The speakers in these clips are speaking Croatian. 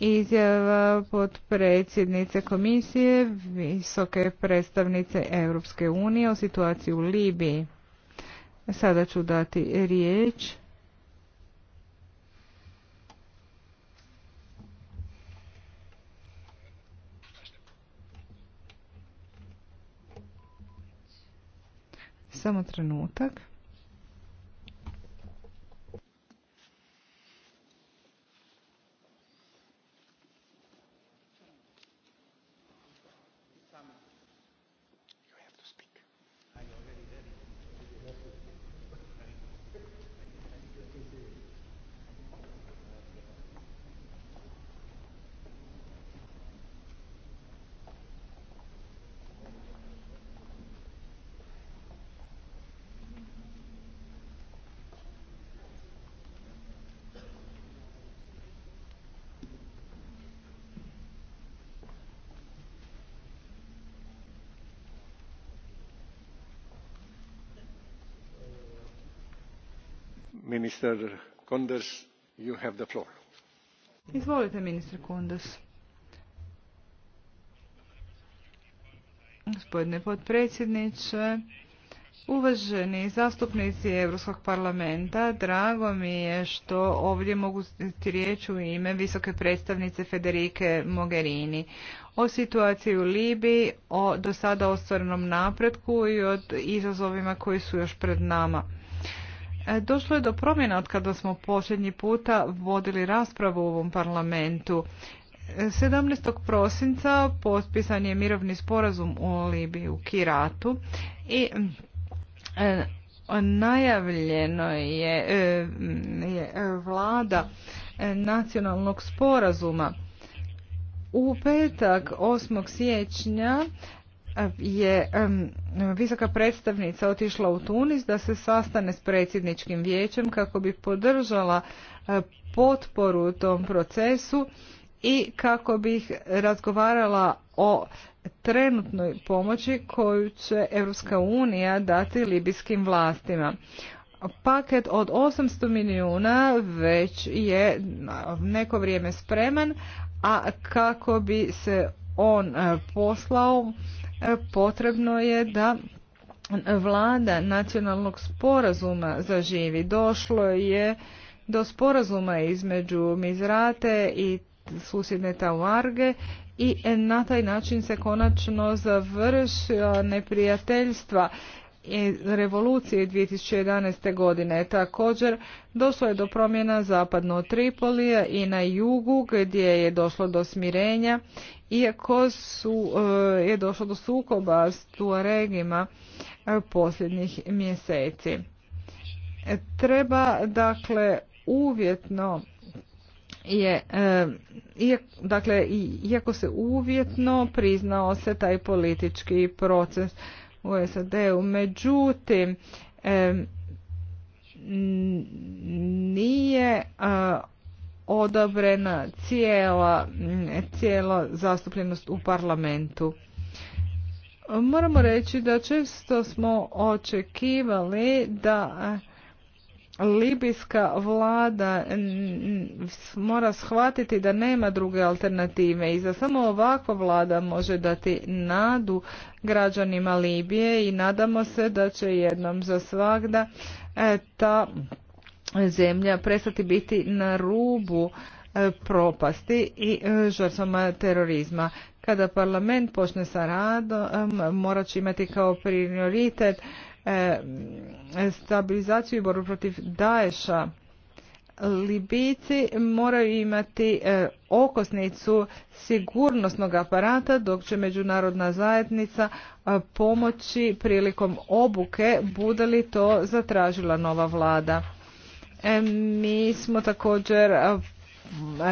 izjava predsjednice komisije visoke predstavnice Europske unije o situaciji u Libiji. Sada ću dati riječ Samo trenutak. Izvolite, Gospodine potpredsjedniče, Uvaženi zastupnici Europskog parlamenta, drago mi je što ovdje mogu riječ u ime visoke predstavnice Federike Mogherini o situaciji u Libiji, o do sada ostvarenom napretku i o izazovima koji su još pred nama. E, došlo je do promjena od kada smo posljednji puta vodili raspravu u ovom parlamentu. 17. E, prosinca potpisan je mirovni sporazum u Libiji u Kiratu i e, najavljeno je, je vlada nacionalnog sporazuma. U petak 8. siječnja je visoka predstavnica otišla u Tunis da se sastane s predsjedničkim vijećem kako bi podržala e, potporu tom procesu i kako bi razgovarala o trenutnoj pomoći koju će Europska unija dati libijskim vlastima. Paket od 800 milijuna već je neko vrijeme spreman, a kako bi se on e, poslao potrebno je da vlada nacionalnog sporazuma zaživi. Došlo je do sporazuma između Mizrate i susjedne Tauarge i na taj način se konačno završio neprijateljstva revolucije 2011. godine. Također došlo je do promjena zapadno Tripolija i na jugu gdje je došlo do smirenja iako su, e, je došlo do sukoba s Tuaregima e, posljednjih mjeseci. E, treba dakle uvjetno je, dakle, iako se uvjetno priznao se taj politički proces u SAD-u, međutim, nije odabrena cijela, cijela zastupljenost u parlamentu. Moramo reći da često smo očekivali da libijska vlada mora shvatiti da nema druge alternative i za samo ovakva vlada može dati nadu građanima Libije i nadamo se da će jednom za svagda e, ta zemlja prestati biti na rubu e, propasti i e, žrtvama terorizma. Kada parlament počne sa radom, e, morat će imati kao prioritet stabilizaciju i borbu protiv Daesha. Libici moraju imati okosnicu sigurnosnog aparata dok će međunarodna zajednica pomoći prilikom obuke bude li to zatražila nova vlada. E, mi smo također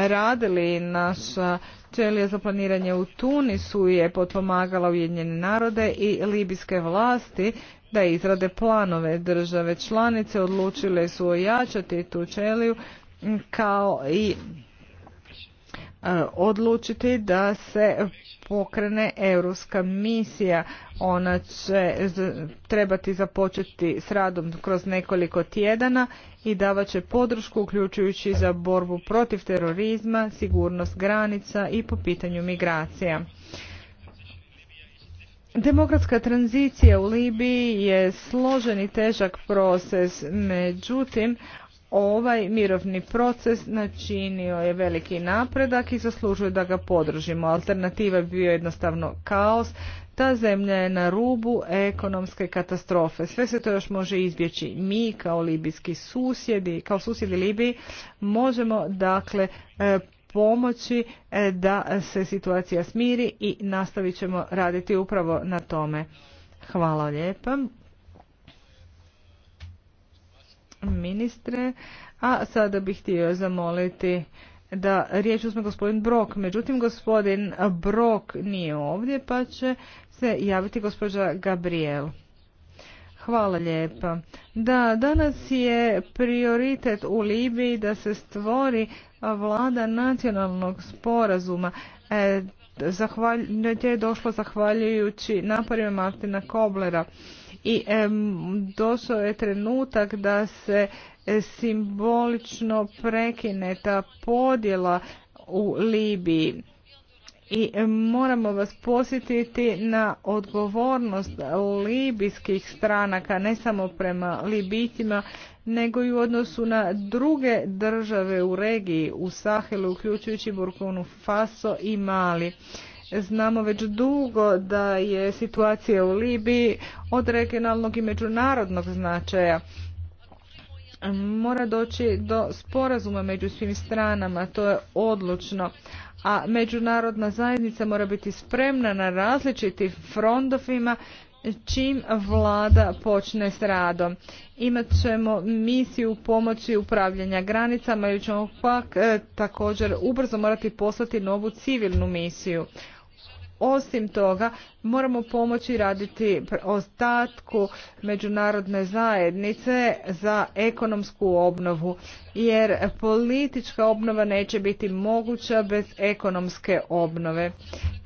radili naša čelija za planiranje u Tunisu je potpomagala Ujedinjene narode i libijske vlasti da izrade planove države članice odlučile su ojačati tu čeliju kao i E, odlučiti da se pokrene europska misija. Ona će trebati započeti s radom kroz nekoliko tjedana i davat će podršku uključujući za borbu protiv terorizma, sigurnost granica i po pitanju migracija. Demokratska tranzicija u Libiji je složen i težak proces, međutim Ovaj mirovni proces načinio je veliki napredak i zaslužuje da ga podržimo. Alternativa bi bio jednostavno kaos. Ta zemlja je na rubu ekonomske katastrofe. Sve se to još može izbjeći. Mi kao libijski susjedi, kao susjedi Libiji možemo dakle e, pomoći e, da se situacija smiri i nastavit ćemo raditi upravo na tome. Hvala lijepa ministre. A sada bih htio zamoliti da riječ uzme gospodin Brok. Međutim, gospodin Brok nije ovdje, pa će se javiti gospođa Gabriel. Hvala lijepa. Da, danas je prioritet u Libiji da se stvori vlada nacionalnog sporazuma. E, zahvalj, je došlo zahvaljujući naporima Martina Koblera i došao je trenutak da se e, simbolično prekine ta podjela u Libiji. I e, moramo vas posjetiti na odgovornost libijskih stranaka, ne samo prema Libijcima, nego i u odnosu na druge države u regiji, u Sahelu, uključujući Burkonu Faso i Mali. Znamo već dugo da je situacija u Libiji od regionalnog i međunarodnog značaja. Mora doći do sporazuma među svim stranama, to je odlučno. A međunarodna zajednica mora biti spremna na različitim frondovima čim vlada počne s radom. Imat ćemo misiju pomoći upravljanja granicama i ćemo pak eh, također ubrzo morati poslati novu civilnu misiju. Osim toga, moramo pomoći raditi ostatku međunarodne zajednice za ekonomsku obnovu, jer politička obnova neće biti moguća bez ekonomske obnove.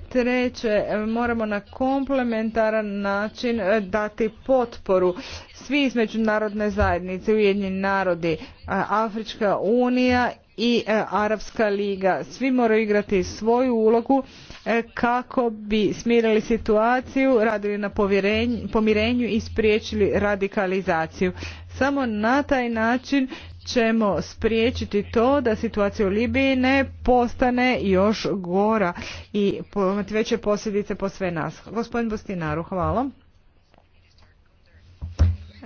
Treće, moramo na komplementaran način e, dati potporu svi iz međunarodne zajednice, Ujedinjeni narodi, e, Afrička unija i e, Arapska liga. Svi moraju igrati svoju ulogu E, kako bi smirili situaciju, radili na pomirenju i spriječili radikalizaciju. Samo na taj način ćemo spriječiti to da situacija u Libiji ne postane još gora i imati veće posljedice po sve nas. Gospodin Bostinaru, hvala.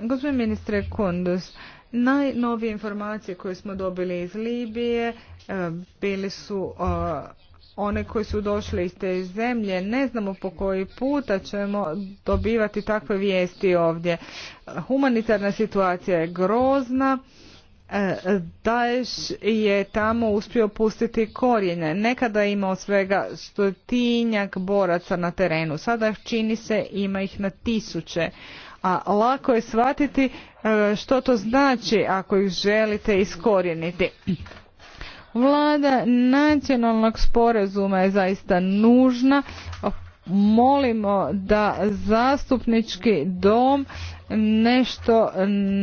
Gospodin ministre kondus najnovije informacije koje smo dobili iz Libije e, bili su one koji su došli iz te zemlje. Ne znamo po koji puta ćemo dobivati takve vijesti ovdje. Humanitarna situacija je grozna. E, Daesh je tamo uspio pustiti korijene. Nekada je imao svega stotinjak boraca na terenu. Sada čini se ima ih na tisuće. A lako je shvatiti e, što to znači ako ih želite iskorijeniti. Vlada nacionalnog sporazuma je zaista nužna. Molimo da zastupnički dom nešto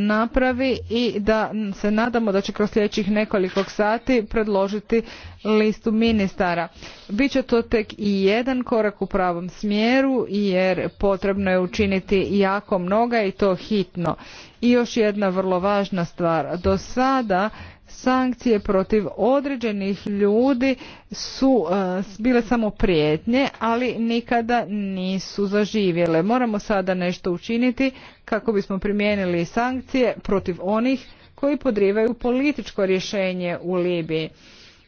napravi i da se nadamo da će kroz sljedećih nekoliko sati predložiti listu ministara. Biće to tek i jedan korak u pravom smjeru jer potrebno je učiniti jako mnoga i to hitno. I još jedna vrlo važna stvar. Do sada sankcije protiv određenih ljudi su e, bile samo prijetnje, ali nikada nisu zaživjele. Moramo sada nešto učiniti kako bismo primijenili sankcije protiv onih koji podrivaju političko rješenje u Libiji.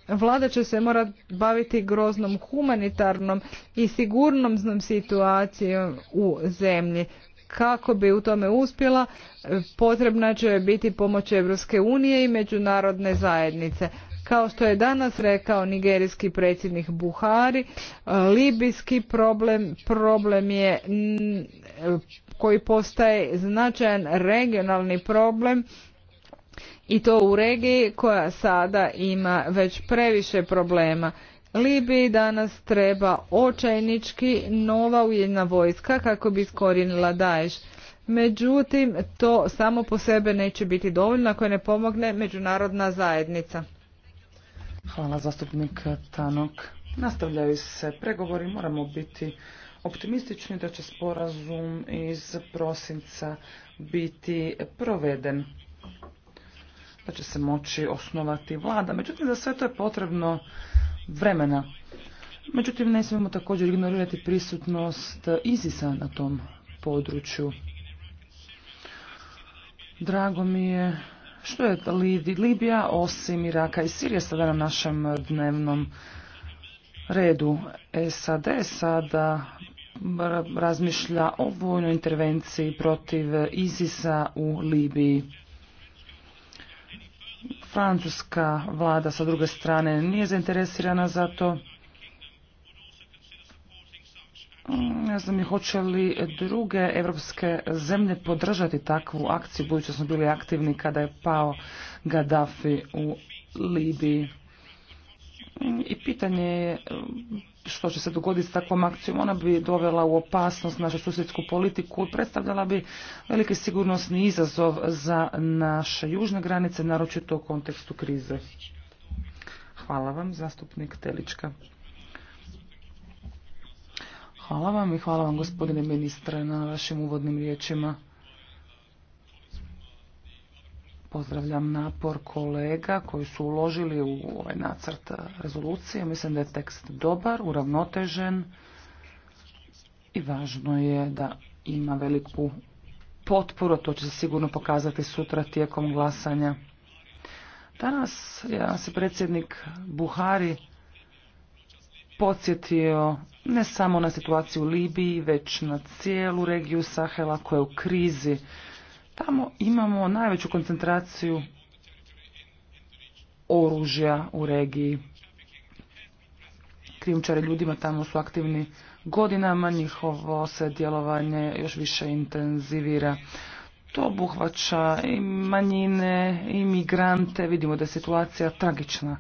Vlada će se morati baviti groznom humanitarnom i sigurnom situacijom u zemlji kako bi u tome uspjela potrebna će biti pomoć Europske unije i međunarodne zajednice. Kao što je danas rekao nigerijski predsjednik Buhari, libijski problem, problem je koji postaje značajan regionalni problem i to u regiji koja sada ima već previše problema Libiji danas treba očajnički nova ujedna vojska kako bi iskorinila Daesh. Međutim, to samo po sebe neće biti dovoljno ako ne pomogne međunarodna zajednica. Hvala zastupnik Tanok. Nastavljaju se pregovori, moramo biti optimistični da će sporazum iz prosinca biti proveden, da će se moći osnovati vlada. Međutim, za sve to je potrebno vremena. Međutim, ne smijemo također ignorirati prisutnost Izisa na tom području. Drago mi je što je Libija osim Iraka i Sirije sada na našem dnevnom redu. SAD sada razmišlja o vojnoj intervenciji protiv Izisa u Libiji. Francuska vlada sa druge strane nije zainteresirana za to. Mm, ne znam, hoće li druge evropske zemlje podržati takvu akciju, budući smo bili aktivni kada je pao Gaddafi u Libiji. Mm, I pitanje je što će se dogoditi s takvom akcijom, ona bi dovela u opasnost našu susjedsku politiku i predstavljala bi veliki sigurnosni izazov za naše južne granice, naročito u kontekstu krize. Hvala vam, zastupnik Telička. Hvala vam i hvala vam gospodine ministre na vašim uvodnim riječima. Pozdravljam napor kolega koji su uložili u ovaj nacrt rezolucije. Mislim da je tekst dobar, uravnotežen i važno je da ima veliku potporu. To će se sigurno pokazati sutra tijekom glasanja. Danas ja se predsjednik Buhari podsjetio ne samo na situaciju u Libiji, već na cijelu regiju Sahela koja je u krizi. Tamo imamo najveću koncentraciju oružja u regiji. Krijumčari ljudima tamo su aktivni godinama, njihovo se djelovanje još više intenzivira. To obuhvaća i manjine, i migrante, vidimo da je situacija tragična.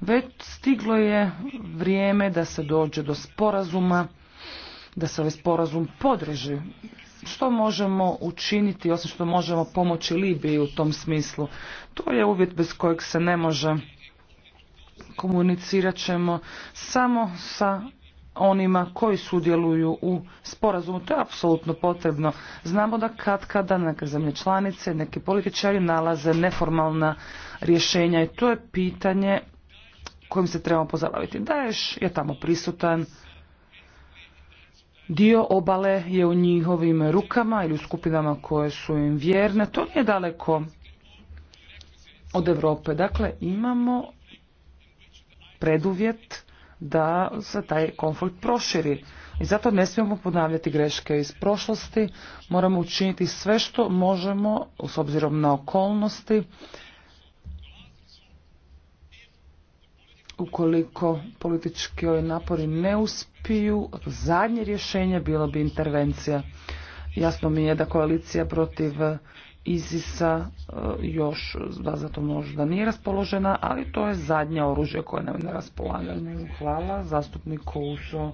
Već stiglo je vrijeme da se dođe do sporazuma, da se ovaj sporazum podrži što možemo učiniti, osim što možemo pomoći Libiji u tom smislu. To je uvjet bez kojeg se ne može komunicirat ćemo samo sa onima koji sudjeluju u sporazumu. To je apsolutno potrebno. Znamo da kad kada neke zemlje članice, neki političari nalaze neformalna rješenja i to je pitanje kojim se trebamo pozabaviti. Daješ je tamo prisutan, Dio obale je u njihovim rukama ili u skupinama koje su im vjerne. To nije daleko od Europe. Dakle, imamo preduvjet da se taj konflikt proširi. I zato ne smijemo ponavljati greške iz prošlosti. Moramo učiniti sve što možemo, s obzirom na okolnosti, ukoliko politički napori ne uspiju, zadnje rješenje bilo bi intervencija. Jasno mi je da koalicija protiv Izisa e, još da zato možda nije raspoložena, ali to je zadnje oružje koje nam je na raspolaganju. Hvala zastupnik Uso.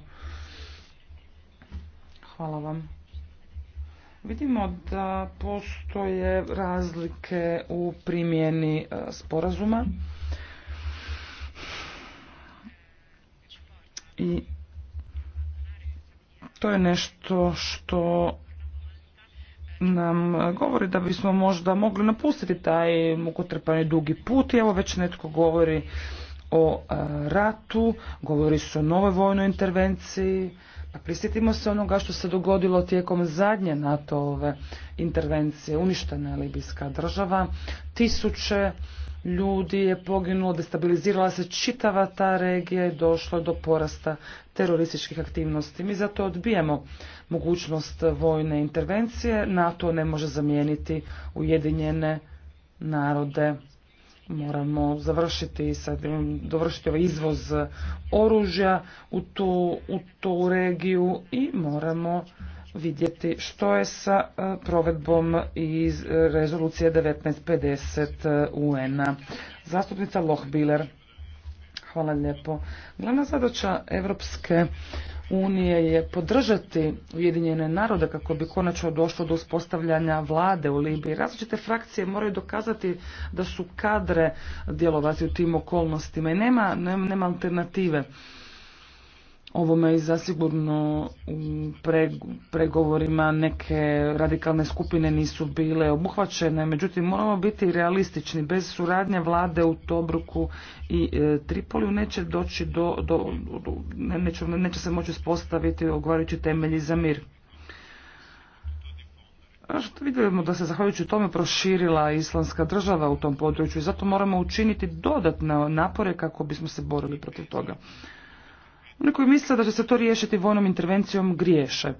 Hvala vam. Vidimo da postoje razlike u primjeni e, sporazuma. i to je nešto što nam govori da bismo možda mogli napustiti taj mukotrpani dugi put i evo već netko govori o e, ratu, govori se o novoj vojnoj intervenciji, pa prisjetimo se onoga što se dogodilo tijekom zadnje NATO-ove intervencije, uništena je libijska država, tisuće ljudi je poginulo, destabilizirala se čitava ta regija i došlo do porasta terorističkih aktivnosti. Mi zato odbijemo mogućnost vojne intervencije, NATO ne može zamijeniti ujedinjene narode. Moramo završiti sad, dovršiti ovaj izvoz oružja u tu regiju i moramo vidjeti što je sa e, provedbom iz rezolucije 1950 e, UN-a. Zastupnica Lohbiler. Hvala lijepo. Glavna zadaća Evropske unije je podržati Ujedinjene narode kako bi konačno došlo do uspostavljanja vlade u Libiji. Različite frakcije moraju dokazati da su kadre djelovati u tim okolnostima i nema, nema alternative ovome i zasigurno u pregovorima neke radikalne skupine nisu bile obuhvaćene. Međutim, moramo biti realistični. Bez suradnje vlade u Tobruku i e, Tripoliju neće doći do, neće, se moći spostaviti odgovarajući temelji za mir. Što vidimo da se zahvaljujući tome proširila islamska država u tom području i zato moramo učiniti dodatne napore kako bismo se borili protiv toga. Oni koji misle da će se to riješiti vojnom intervencijom griješe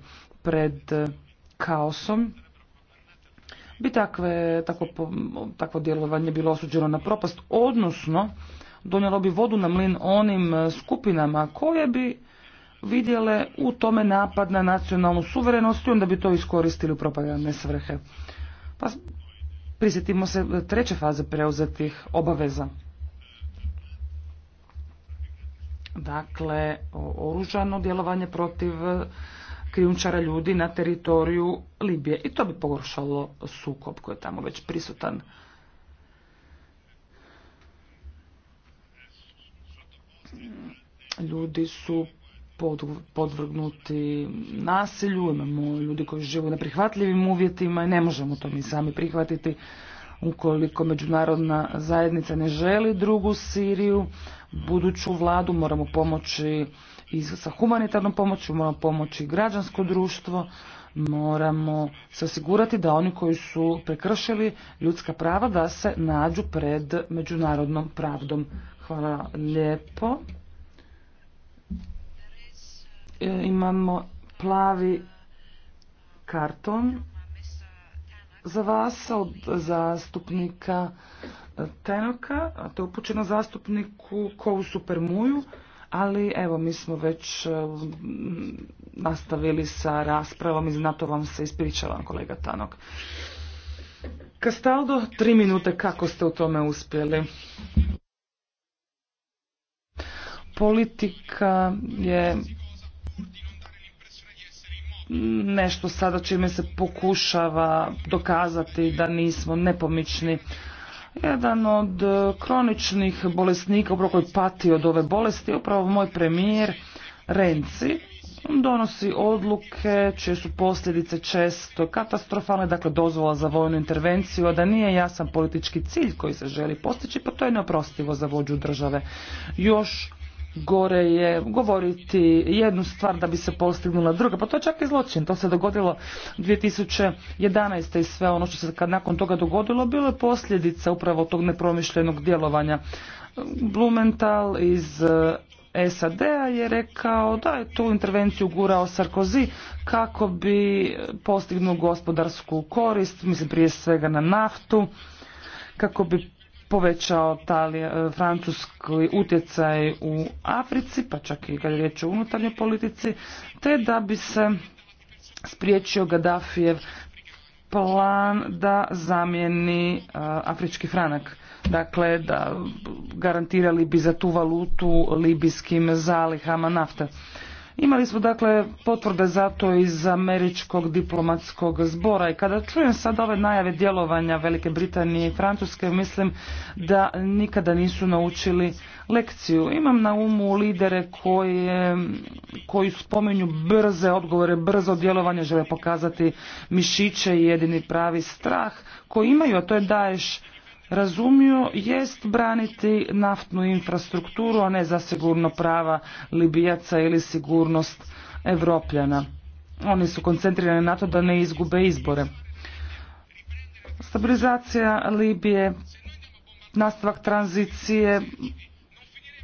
pred e, kaosom bi takve, takvo djelovanje bilo osuđeno na propast, odnosno donijelo bi vodu na mlin onim e, skupinama koje bi vidjele u tome napad na nacionalnu suverenost i onda bi to iskoristili u propagandne svrhe. Pa prisjetimo se treće faze preuzetih obaveza. dakle oružano djelovanje protiv e, krijumčara ljudi na teritoriju Libije i to bi pogoršalo sukob koji je tamo već prisutan. Ljudi su podvrgnuti nasilju, imamo ljudi koji živu na neprihvatljivim uvjetima i ne možemo to mi sami prihvatiti ukoliko međunarodna zajednica ne želi drugu Siriju, buduću vladu, moramo pomoći i sa humanitarnom pomoću, moramo pomoći građansko društvo, moramo se osigurati da oni koji su prekršili ljudska prava da se nađu pred međunarodnom pravdom. Hvala lijepo. E, imamo plavi karton za vas od zastupnika Tenoka, a to je upućeno zastupniku Kovu Supermuju, ali evo mi smo već e, nastavili sa raspravom i zato vam se ispričavam kolega Tanok. Kastaldo, tri minute, kako ste u tome uspjeli? Politika je nešto sada čime se pokušava dokazati da nismo nepomični jedan od e, kroničnih bolesnika upravo koji pati od ove bolesti je upravo moj premijer Renci. Donosi odluke čije su posljedice često katastrofalne, dakle dozvola za vojnu intervenciju, a da nije jasan politički cilj koji se želi postići, pa to je neoprostivo za vođu države. Još gore je govoriti jednu stvar da bi se postignula druga. Pa to je čak i zločin. To se dogodilo 2011. i sve ono što se kad nakon toga dogodilo bilo je posljedica upravo tog nepromišljenog djelovanja. Blumenthal iz eh, SAD-a je rekao da je tu intervenciju gurao Sarkozy kako bi postignuo gospodarsku korist, mislim prije svega na naftu, kako bi povećao tali e, francuski utjecaj u Africi, pa čak i kad je riječ o unutarnjoj politici, te da bi se spriječio Gaddafijev plan da zamijeni e, afrički franak. Dakle, da garantirali bi za tu valutu libijskim zalihama nafte. Imali smo dakle potvrde za to iz američkog diplomatskog zbora i kada čujem sad ove najave djelovanja Velike Britanije i Francuske mislim da nikada nisu naučili lekciju. Imam na umu lidere koje, koji spominju brze odgovore, brzo djelovanje, žele pokazati mišiće i jedini pravi strah koji imaju, a to je daješ Razumiju, jest braniti naftnu infrastrukturu, a ne zasigurno prava Libijaca ili sigurnost Evropljana. Oni su koncentrirani na to da ne izgube izbore. Stabilizacija Libije, nastavak tranzicije,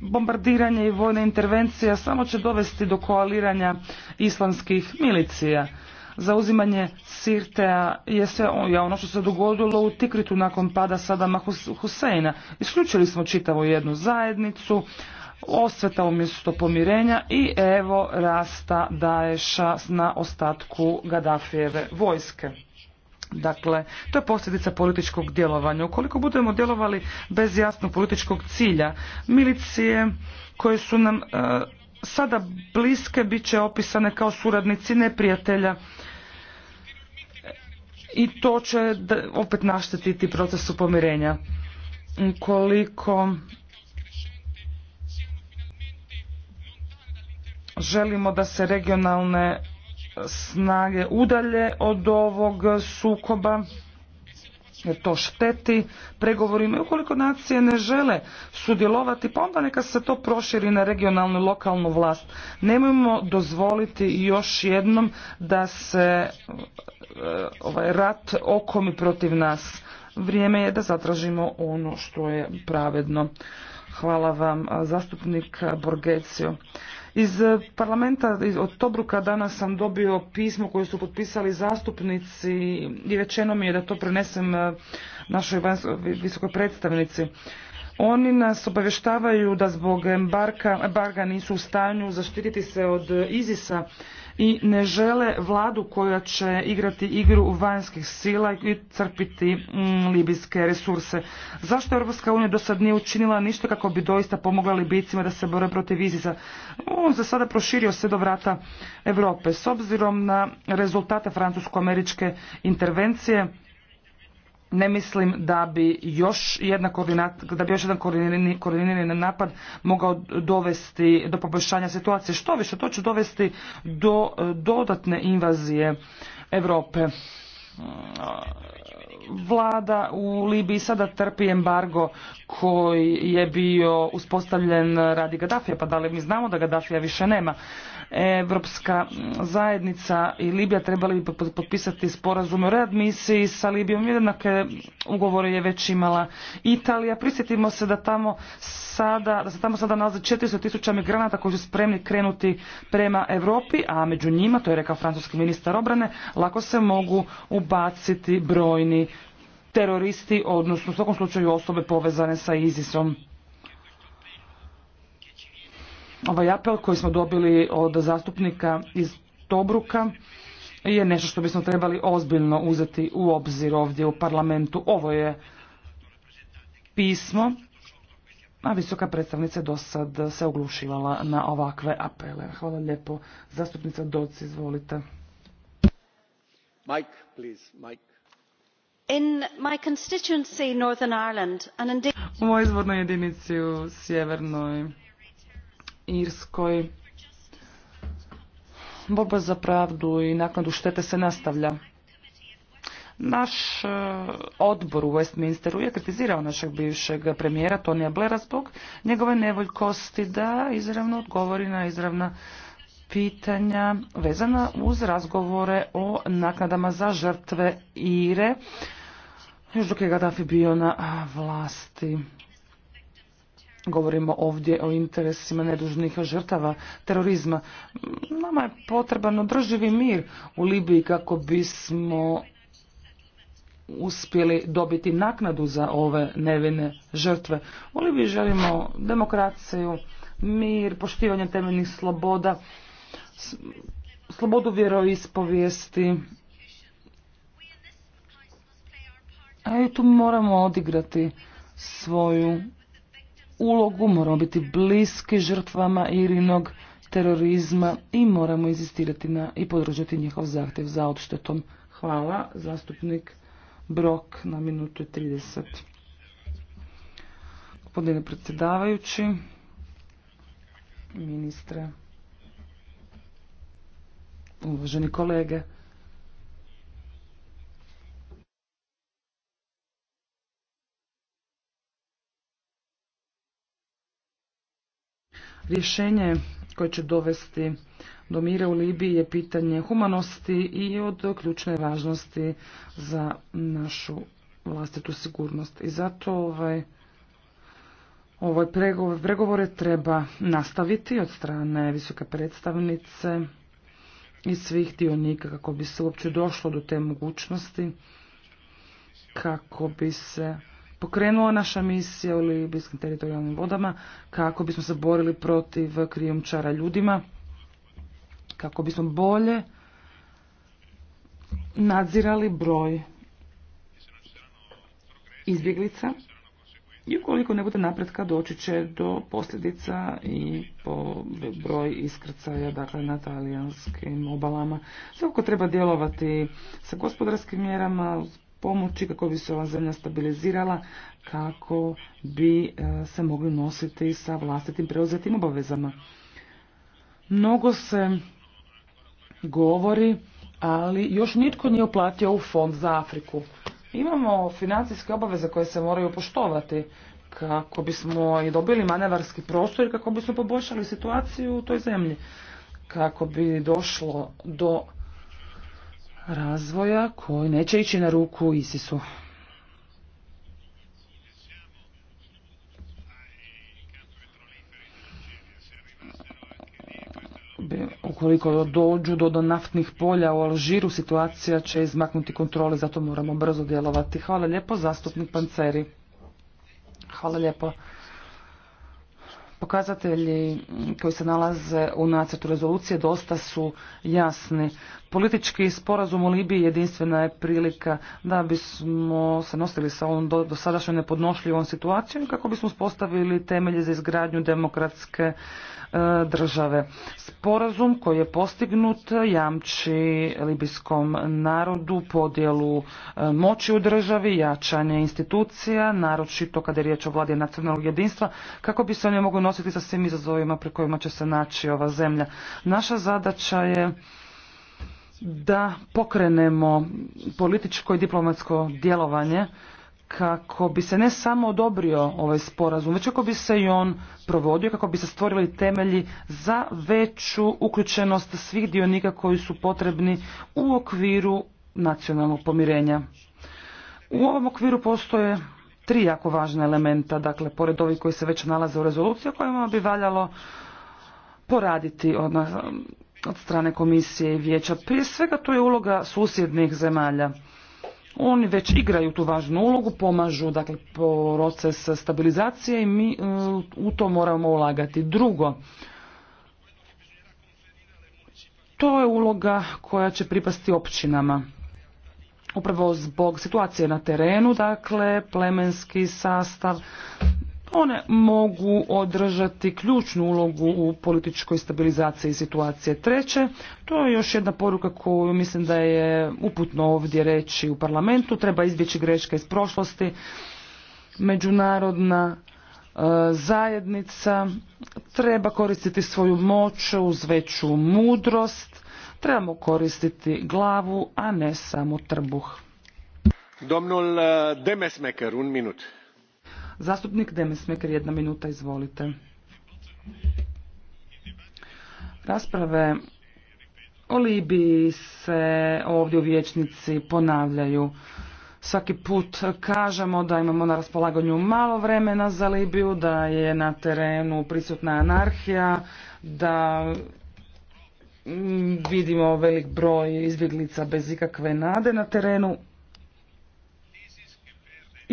bombardiranje i vojna intervencija samo će dovesti do koaliranja islamskih milicija. Zauzimanje Sirtea je sve ono što se dogodilo u Tikritu nakon pada Sadama Huseina. Isključili smo čitavu jednu zajednicu, osveta umjesto pomirenja i evo rasta Daesha na ostatku Gaddafijeve vojske. Dakle, to je posljedica političkog djelovanja. Ukoliko budemo djelovali bez jasnog političkog cilja, milicije koje su nam e, sada bliske bit će opisane kao suradnici neprijatelja i to će opet naštetiti procesu pomirenja. Koliko želimo da se regionalne snage udalje od ovog sukoba, jer to šteti pregovorima i ukoliko nacije ne žele sudjelovati pa onda neka se to proširi na regionalnu i lokalnu vlast. Nemojmo dozvoliti još jednom da se e, ovaj rat okomi protiv nas. Vrijeme je da zatražimo ono što je pravedno. Hvala vam zastupnik Borgecio. Iz parlamenta, od Tobruka danas sam dobio pismo koje su potpisali zastupnici i rečeno mi je da to prenesem eh, našoj visokoj predstavnici. Oni nas obavještavaju da zbog embarga nisu u stanju zaštititi se od Izisa i ne žele vladu koja će igrati igru vanjskih sila i crpiti mm, libijske resurse. Zašto Europska unija do sad nije učinila ništa kako bi doista pomogla libijcima da se bore protiv Iziza? On se sada proširio sve do vrata Europe. S obzirom na rezultate francusko-američke intervencije, ne mislim da bi još jedna da bi još jedan koordinirani napad mogao dovesti do poboljšanja situacije. Što više, to će dovesti do e, dodatne invazije Europe. E, Vlada u Libiji sada trpi embargo koji je bio uspostavljen radi Gaddafija, pa da li mi znamo da Gaddafija više nema. Europska zajednica i Libija trebali bi potpisati sporazum o readmisiji sa Libijom. Jednake ugovore je već imala Italija. Prisjetimo se da tamo sada, da se tamo sada nalazi 400 tisuća migranata koji su spremni krenuti prema Europi, a među njima, to je rekao francuski ministar obrane, lako se mogu ubaciti brojni teroristi, odnosno u svakom slučaju osobe povezane sa ISISom. Ovaj apel koji smo dobili od zastupnika iz Tobruka je nešto što bismo trebali ozbiljno uzeti u obzir ovdje u parlamentu. Ovo je pismo, a visoka predstavnica do sad se oglušivala na ovakve apele. Hvala lijepo. Zastupnica Doc, izvolite. Mike, please, Mike. U mojoj izbornoj jedinici u Sjevernoj Irskoj borba za pravdu i naknadu štete se nastavlja. Naš eh, odbor u Westminsteru je kritizirao našeg bivšeg premijera Tonija Blera zbog njegove nevoljkosti da izravno odgovori na izravna pitanja vezana uz razgovore o naknadama za žrtve Ire još dok je Gaddafi bio na vlasti. Govorimo ovdje o interesima nedužnih žrtava terorizma. Nama je potreban održivi mir u Libiji kako bismo uspjeli dobiti naknadu za ove nevine žrtve. U Libiji želimo demokraciju, mir, poštivanje temeljnih sloboda, slobodu vjeroispovijesti. A i tu moramo odigrati svoju ulogu, moramo biti bliski žrtvama irinog terorizma i moramo inzistirati na i podržati njihov zahtjev za odštetom. Hvala, zastupnik Brok na minutu 30. Gospodine predsjedavajući, ministre, uvaženi kolege, Rješenje koje će dovesti do mira u Libiji je pitanje humanosti i od ključne važnosti za našu vlastitu sigurnost. I zato ovaj, ovaj pregovore treba nastaviti od strane visoke predstavnice i svih dionika kako bi se uopće došlo do te mogućnosti kako bi se pokrenula naša misija u libijskim teritorijalnim vodama kako bismo se borili protiv krijumčara ljudima, kako bismo bolje nadzirali broj izbjeglica i ukoliko ne bude napretka doći će do posljedica i po broj iskrcaja dakle, na talijanskim obalama. Svako treba djelovati sa gospodarskim mjerama, pomoći kako bi se ova zemlja stabilizirala, kako bi e, se mogli nositi sa vlastitim preuzetim obavezama. Mnogo se govori, ali još nitko nije oplatio u fond za Afriku. Imamo financijske obaveze koje se moraju poštovati kako bismo i dobili manevarski prostor i kako bismo poboljšali situaciju u toj zemlji. Kako bi došlo do razvoja koji neće ići na ruku Isisu. Ukoliko dođu do, naftnih polja u Alžiru, situacija će izmaknuti kontrole, zato moramo brzo djelovati. Hvala lijepo, zastupnik Panceri. Hvala lijepo. Pokazatelji koji se nalaze u nacrtu rezolucije dosta su jasni. Politički sporazum u Libiji jedinstvena je prilika da bismo se nosili sa ovom sadašnjom nepodnošljivom situacijom kako bismo spostavili temelje za izgradnju demokratske e, države. Sporazum koji je postignut jamči libijskom narodu podjelu e, moći u državi, jačanje institucija, naročito kada je riječ o vladi nacionalnog jedinstva, kako bi se oni mogli nositi sa svim izazovima pri kojima će se naći ova zemlja. Naša zadaća je da pokrenemo političko i diplomatsko djelovanje kako bi se ne samo odobrio ovaj sporazum, već kako bi se i on provodio, kako bi se stvorili temelji za veću uključenost svih dionika koji su potrebni u okviru nacionalnog pomirenja. U ovom okviru postoje tri jako važna elementa, dakle, pored ovih koji se već nalaze u rezoluciji, o kojima bi valjalo poraditi, odnosno, od strane komisije i vijeća. Prije svega to je uloga susjednih zemalja. Oni već igraju tu važnu ulogu, pomažu dakle, proces stabilizacije i mi e, u to moramo ulagati. Drugo, to je uloga koja će pripasti općinama. Upravo zbog situacije na terenu, dakle, plemenski sastav one mogu održati ključnu ulogu u političkoj stabilizaciji situacije. Treće, to je još jedna poruka koju mislim da je uputno ovdje reći u parlamentu. Treba izbjeći greške iz prošlosti. Međunarodna e, zajednica treba koristiti svoju moć uz veću mudrost. Trebamo koristiti glavu, a ne samo trbuh. Domnul e, Demesmeker, un minut. Zastupnik Demesmeker, jedna minuta, izvolite. Rasprave o Libiji se ovdje u vječnici ponavljaju. Svaki put kažemo da imamo na raspolaganju malo vremena za Libiju, da je na terenu prisutna anarhija, da mm, vidimo velik broj izbjeglica bez ikakve nade na terenu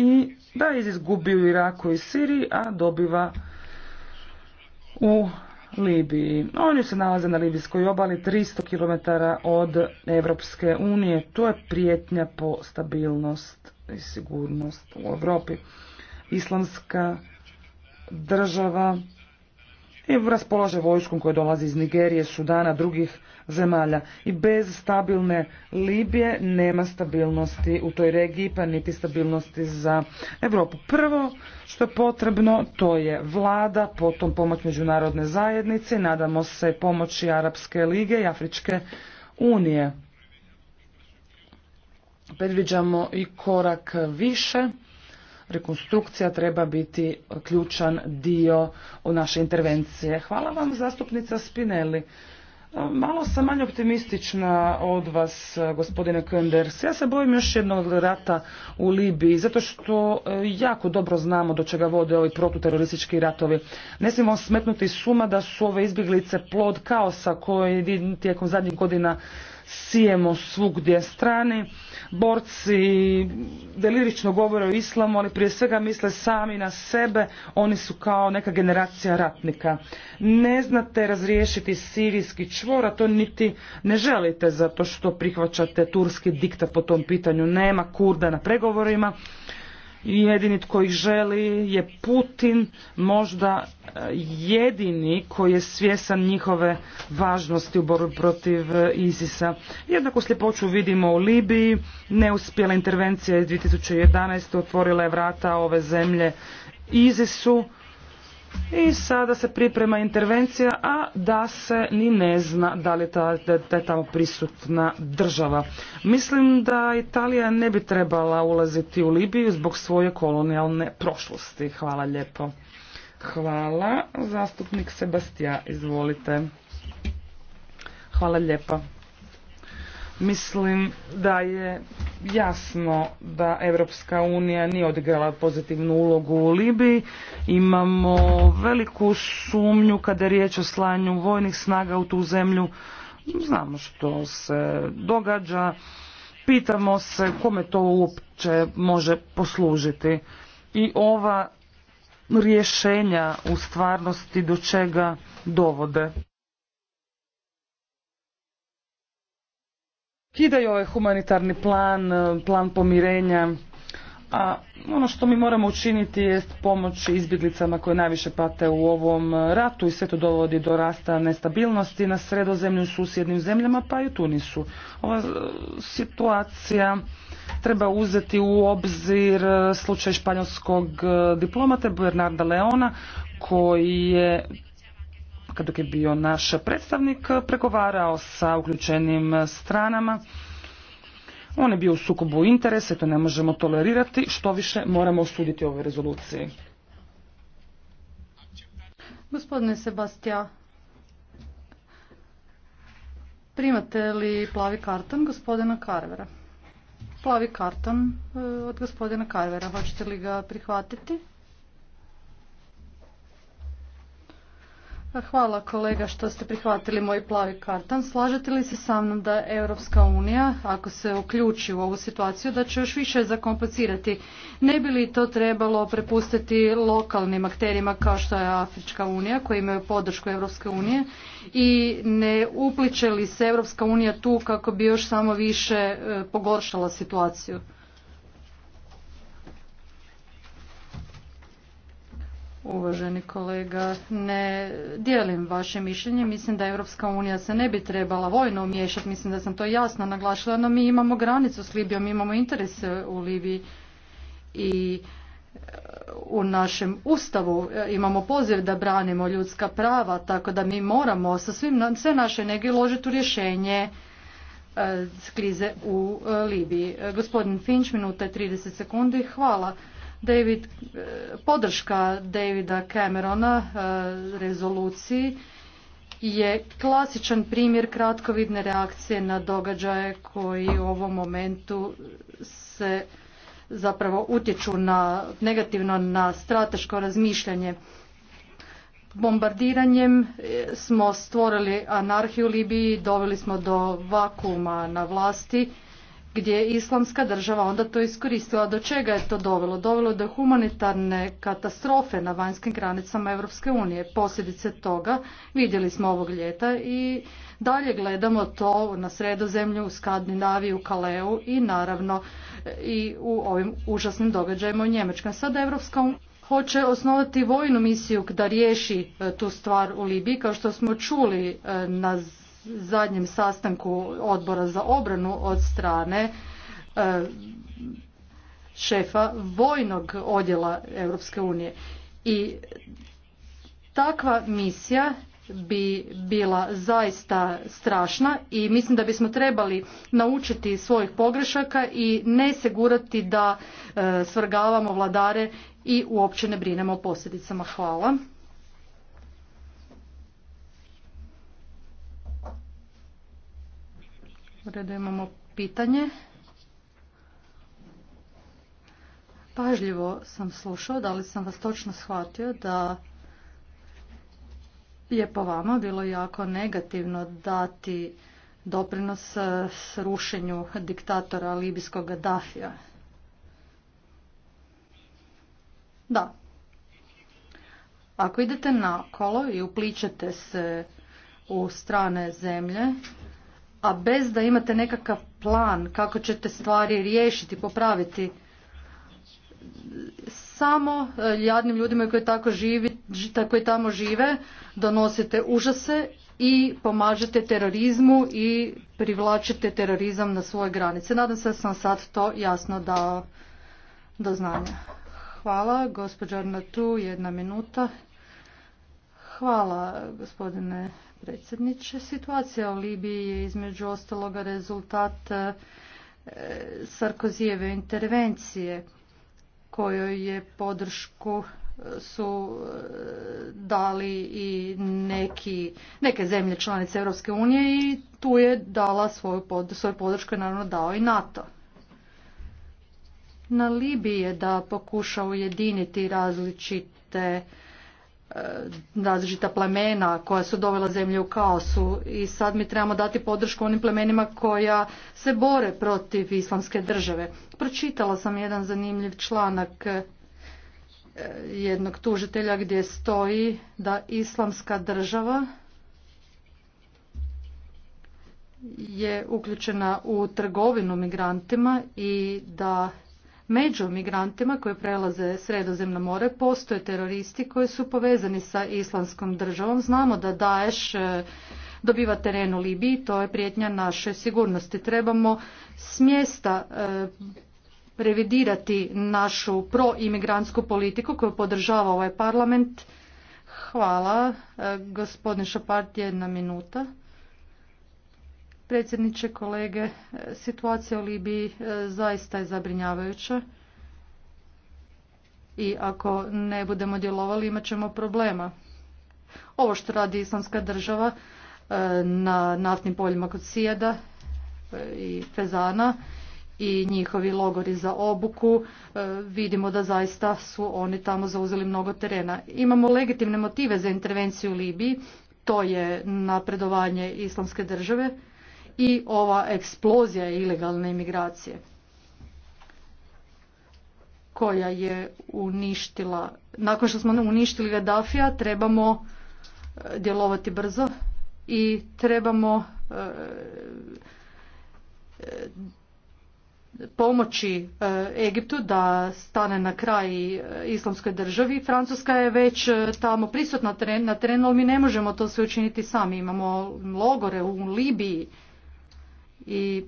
i da ISIS u Iraku i Siriji, a dobiva u Libiji. Oni se nalaze na libijskoj obali 300 km od Evropske unije. To je prijetnja po stabilnost i sigurnost u Europi. Islamska država i raspolaže vojskom koje dolazi iz Nigerije, Sudana, drugih zemalja. I bez stabilne Libije nema stabilnosti u toj regiji pa niti stabilnosti za Europu. Prvo što je potrebno to je vlada, potom pomoć međunarodne zajednice, nadamo se pomoći Arapske lige i Afričke unije. Predviđamo i korak više. Rekonstrukcija treba biti ključan dio naše intervencije. Hvala vam zastupnica Spinelli. Malo sam manje optimistična od vas, eh, gospodine Kenders. Ja se bojim još jednog rata u Libiji, zato što eh, jako dobro znamo do čega vode ovi protuteroristički ratovi. Ne smijemo smetnuti suma da su ove izbjeglice plod kaosa koji tijekom zadnjih godina sijemo svugdje strani. Borci delirično govore o islamu, ali prije svega misle sami na sebe. Oni su kao neka generacija ratnika. Ne znate razriješiti sirijski čvor, a to niti ne želite zato što prihvaćate turski diktat po tom pitanju. Nema kurda na pregovorima jedini tko ih želi je Putin, možda e, jedini koji je svjesan njihove važnosti u borbi protiv e, isis Jednako sljepoću vidimo u Libiji, neuspjela intervencija iz 2011. otvorila je vrata ove zemlje Izisu. I sada se priprema intervencija, a da se ni ne zna da li ta, da je tamo prisutna država. Mislim da Italija ne bi trebala ulaziti u Libiju zbog svoje kolonijalne prošlosti. Hvala lijepo. Hvala. Zastupnik Sebastija, izvolite. Hvala lijepa. Mislim da je jasno da Europska unija nije odigrala pozitivnu ulogu u Libiji. Imamo veliku sumnju kada je riječ o slanju vojnih snaga u tu zemlju. Znamo što se događa. Pitamo se kome to uopće može poslužiti. I ova rješenja u stvarnosti do čega dovode. kidaju ovaj humanitarni plan, eh, plan pomirenja, a ono što mi moramo učiniti jest pomoć izbjeglicama koje najviše pate u ovom eh, ratu i sve to dovodi do rasta nestabilnosti na sredozemlju u susjednim zemljama, pa i u Tunisu. Ova eh, situacija treba uzeti u obzir slučaj španjolskog diplomata Bernarda Leona koji je kada je bio naš predstavnik, pregovarao sa uključenim stranama. On je bio u sukobu interesa to ne možemo tolerirati, što više moramo osuditi ovoj rezoluciji. Gospodine Sebastija, primate li plavi karton gospodina Karvera? Plavi karton eh, od gospodina Karvera, hoćete li ga prihvatiti? Hvala kolega što ste prihvatili moj plavi kartan. Slažete li se sa mnom da Europska unija, ako se uključi u ovu situaciju, da će još više zakomplicirati? Ne bi li to trebalo prepustiti lokalnim akterima kao što je Afrička unija, koji imaju podršku Europske unije? I ne upliče li se Europska unija tu kako bi još samo više e, pogoršala situaciju? Uvaženi kolega, ne dijelim vaše mišljenje. Mislim da Europska unija se ne bi trebala vojno umiješati. Mislim da sam to jasno naglašila. No, mi imamo granicu s Libijom, imamo interese u Libiji i e, u našem ustavu e, imamo poziv da branimo ljudska prava, tako da mi moramo sa svim, sve naše negi ložiti u rješenje e, krize u Libiji. Gospodin Finč, minuta je 30 sekundi. Hvala. David, eh, podrška Davida Camerona eh, rezoluciji je klasičan primjer kratkovidne reakcije na događaje koji u ovom momentu se zapravo utječu na, negativno na strateško razmišljanje. Bombardiranjem eh, smo stvorili anarhiju Libiji, doveli smo do vakuma na vlasti gdje je islamska država onda to iskoristila. Do čega je to dovelo? Dovelo je do humanitarne katastrofe na vanjskim granicama Europske unije. Posljedice toga vidjeli smo ovog ljeta i dalje gledamo to na sredozemlju, u Skandinaviji, u Kaleu i naravno i u ovim užasnim događajima u Njemačkoj. Sada Europska hoće osnovati vojnu misiju da riješi e, tu stvar u Libiji, kao što smo čuli e, na zadnjem sastanku odbora za obranu od strane e, šefa vojnog odjela Europske unije. I takva misija bi bila zaista strašna i mislim da bismo trebali naučiti svojih pogrešaka i ne segurati da e, svrgavamo vladare i uopće ne brinemo o posljedicama. Hvala. redu imamo pitanje. Pažljivo sam slušao, da li sam vas točno shvatio da je po vama bilo jako negativno dati doprinos e, s rušenju diktatora libijskog Gaddafija. Da. Ako idete na kolo i upličete se u strane zemlje, a bez da imate nekakav plan kako ćete stvari riješiti, popraviti. Samo eh, jadnim ljudima koji tako, živi, koji tamo žive donosite užase i pomažete terorizmu i privlačite terorizam na svoje granice. Nadam se da sam sad to jasno dao do znanja. Hvala, gospođa Tu, jedna minuta. Hvala, gospodine predsjedniče. Situacija u Libiji je između ostaloga rezultat e, Sarkozijeve intervencije kojoj je podršku e, su e, dali i neki, neke zemlje članice Europske unije i tu je dala svoju, pod, podršku i naravno dao i NATO. Na Libiji je da pokuša ujediniti različite E, različita plemena koja su dovela zemlju u kaosu i sad mi trebamo dati podršku onim plemenima koja se bore protiv islamske države. Pročitala sam jedan zanimljiv članak e, jednog tužitelja gdje stoji da islamska država je uključena u trgovinu migrantima i da Među migrantima koji prelaze sredozemno more postoje teroristi koji su povezani sa islamskom državom. Znamo da Daesh e, dobiva teren u Libiji, to je prijetnja naše sigurnosti. Trebamo s mjesta e, revidirati našu imigrantsku politiku koju podržava ovaj parlament. Hvala. E, gospodin Šapart, jedna minuta. Predsjedniče, kolege, e, situacija u Libiji e, zaista je zabrinjavajuća i ako ne budemo djelovali imat ćemo problema. Ovo što radi islamska država e, na naftnim poljima kod Sijeda i Fezana i njihovi logori za obuku, vidimo da zaista su oni tamo zauzeli mnogo terena. Imamo legitimne motive za intervenciju u Libiji, to je napredovanje islamske države, i ova eksplozija ilegalne imigracije koja je uništila, nakon što smo uništili Gaddafija, trebamo e, djelovati brzo i trebamo e, e, pomoći Egiptu da stane na kraj islamskoj državi. Francuska je već tamo prisutna na terenu, ali mi ne možemo to sve učiniti sami. Imamo logore u Libiji i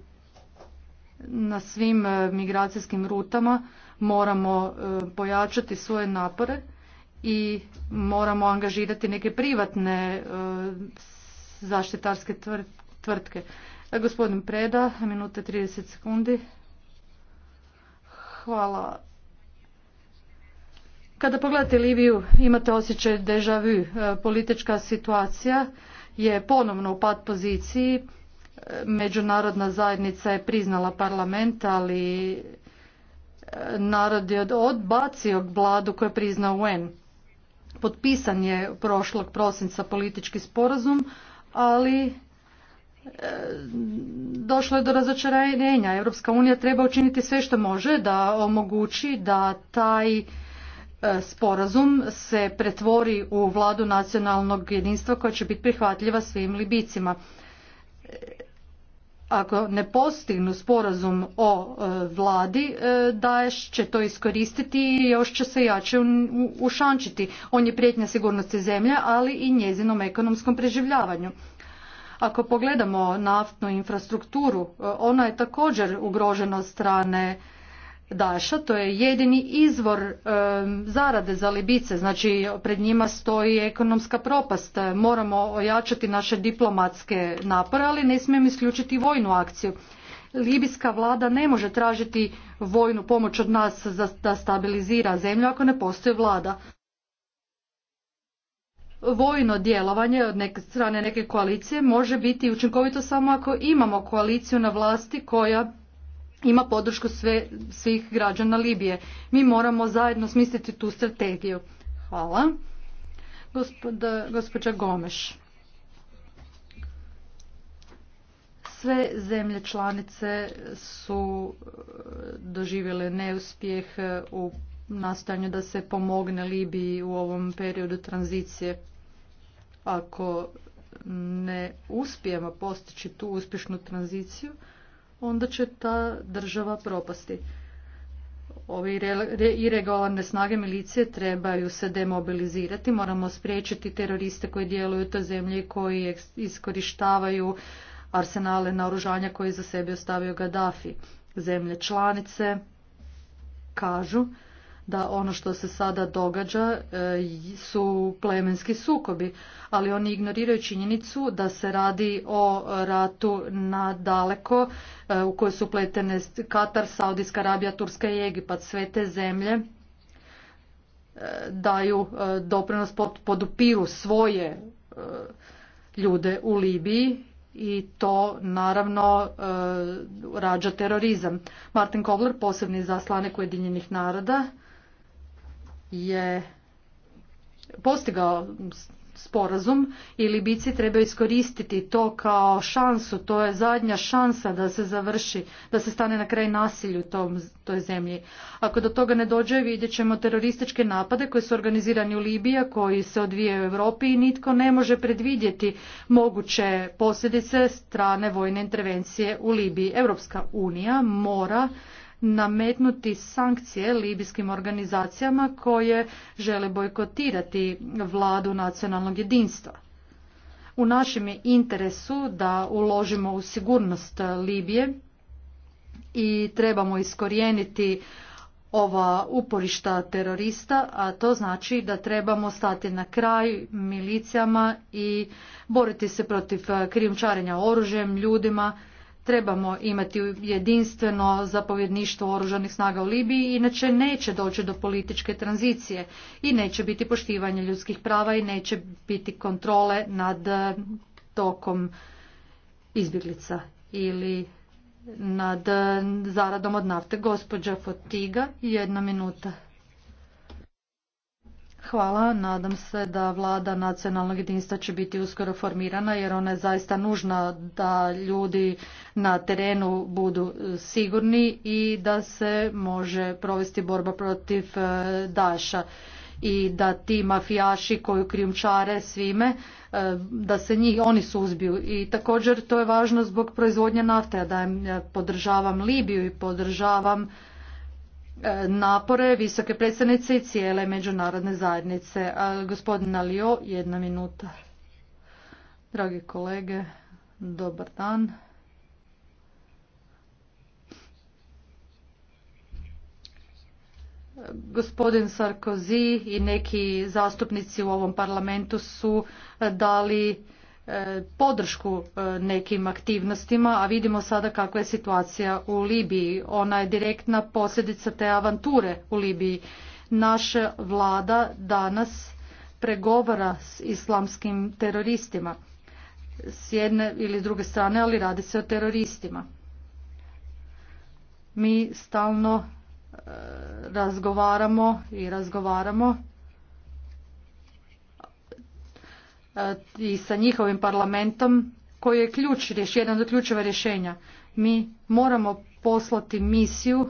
na svim e, migracijskim rutama moramo e, pojačati svoje napore i moramo angažirati neke privatne e, zaštitarske tvrtke. Gospodin Preda, minuta 30 sekundi. Hvala. Kada pogledate Liviju imate osjećaj deja vu. Politička situacija je ponovno u pad poziciji međunarodna zajednica je priznala parlament, ali e, narod je odbacio vladu koju je priznao UN. Potpisan je prošlog prosinca politički sporazum, ali e, došlo je do razočarenja. Europska unija treba učiniti sve što može da omogući da taj e, sporazum se pretvori u vladu nacionalnog jedinstva koja će biti prihvatljiva svim Libicima ako ne postignu sporazum o e, vladi, e, da će to iskoristiti i još će se jače ušančiti. On je prijetnja sigurnosti zemlje, ali i njezinom ekonomskom preživljavanju. Ako pogledamo naftnu infrastrukturu, e, ona je također ugrožena od strane Daša, to je jedini izvor e, zarade za Libice, znači pred njima stoji ekonomska propast. Moramo ojačati naše diplomatske napore, ali ne smijemo isključiti vojnu akciju. Libijska vlada ne može tražiti vojnu pomoć od nas da stabilizira zemlju ako ne postoji vlada. Vojno djelovanje od neke strane neke koalicije može biti učinkovito samo ako imamo koaliciju na vlasti koja ima podršku svih građana Libije. Mi moramo zajedno smisliti tu strategiju. Hvala. Gospoda, gospođa Gomeš. Sve zemlje članice su e, doživjele neuspjeh e, u nastanju da se pomogne Libiji u ovom periodu tranzicije. Ako ne uspijemo postići tu uspješnu tranziciju, onda će ta država propasti. Ove iregularne snage milicije trebaju se demobilizirati, moramo spriječiti teroriste koji djeluju u toj zemlji, koji iskorištavaju arsenale naoružanja koje za sebe ostavio Gaddafi. Zemlje članice kažu da ono što se sada događa e, su plemenski sukobi, ali oni ignoriraju činjenicu da se radi o ratu na daleko e, u kojoj su pletene Katar, Saudijska Arabija, Turska i Egipat. Sve te zemlje e, daju doprinos podupiru svoje ljude u Libiji i to naravno rađa terorizam. Martin Kobler, posebni zaslanek Ujedinjenih naroda, je postigao sporazum i Libici trebaju iskoristiti to kao šansu, to je zadnja šansa da se završi, da se stane na kraj nasilju tom, toj zemlji. Ako do toga ne dođe vidjet ćemo terorističke napade koji su organizirani u Libiji, koji se odvijaju u Europi i nitko ne može predvidjeti moguće posljedice strane vojne intervencije u Libiji. Europska unija mora nametnuti sankcije libijskim organizacijama koje žele bojkotirati vladu nacionalnog jedinstva. U našem je interesu da uložimo u sigurnost Libije i trebamo iskorijeniti ova uporišta terorista, a to znači da trebamo stati na kraj milicijama i boriti se protiv krijumčarenja oružjem, ljudima trebamo imati jedinstveno zapovjedništvo oružanih snaga u Libiji, inače neće doći do političke tranzicije i neće biti poštivanje ljudskih prava i neće biti kontrole nad eh, tokom izbjeglica ili nad eh, zaradom od nafte. Gospođa Fotiga, jedna minuta. Hvala. Nadam se da vlada nacionalnog jedinstva će biti uskoro formirana jer ona je zaista nužna da ljudi na terenu budu sigurni i da se može provesti borba protiv e, Daša i da ti mafijaši koji krijumčare svime, e, da se njih, oni suzbiju. I također to je važno zbog proizvodnje nafte. da podržavam Libiju i podržavam napore visoke predstavnice i cijele međunarodne zajednice. Gospodin Alio, jedna minuta. Dragi kolege, dobar dan. Gospodin Sarkozy i neki zastupnici u ovom parlamentu su eh, dali E, podršku e, nekim aktivnostima, a vidimo sada kakva je situacija u Libiji. Ona je direktna posljedica te avanture u Libiji. Naša vlada danas pregovara s islamskim teroristima s jedne ili s druge strane, ali radi se o teroristima. Mi stalno e, razgovaramo i razgovaramo i sa njihovim parlamentom koji je ključ, jedan od ključeva rješenja. Mi moramo poslati misiju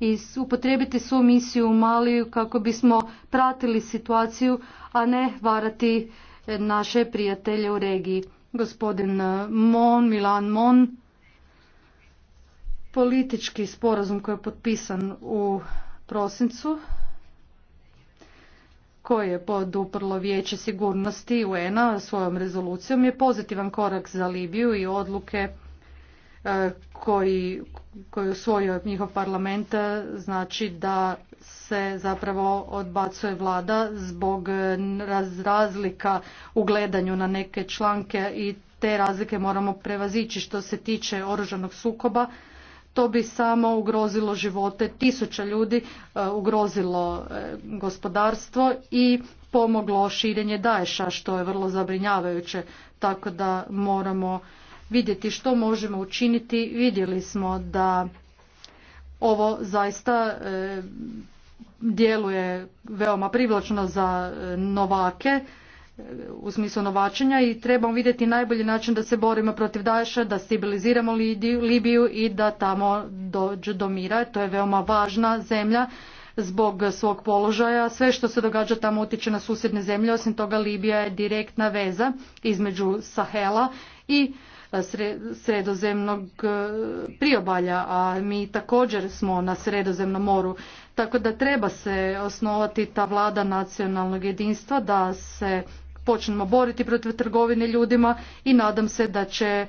i upotrijebiti svu misiju u Maliju kako bismo pratili situaciju, a ne varati naše prijatelje u regiji. Gospodin eh, Mon, Milan Mon, politički sporazum koji je potpisan u prosincu koje je poduprlo Vijeće sigurnosti UN-a svojom rezolucijom je pozitivan korak za Libiju i odluke e, koji, koji je usvojio njihov parlament e, znači da se zapravo odbacuje vlada zbog razlika u gledanju na neke članke i te razlike moramo prevazići što se tiče oružanog sukoba to bi samo ugrozilo živote tisuća ljudi, e, ugrozilo e, gospodarstvo i pomoglo širenje daješa što je vrlo zabrinjavajuće. Tako da moramo vidjeti što možemo učiniti. Vidjeli smo da ovo zaista e, djeluje veoma privlačno za novake u smislu novačenja i trebamo vidjeti najbolji način da se borimo protiv Daesha, da stabiliziramo Libiju i da tamo dođe do mira. To je veoma važna zemlja zbog svog položaja. Sve što se događa tamo utječe na susjedne zemlje. Osim toga Libija je direktna veza između Sahela i e, sredozemnog e, priobalja, a mi također smo na sredozemnom moru. Tako da treba se osnovati ta vlada nacionalnog jedinstva da se počnemo boriti protiv trgovine ljudima i nadam se da će e,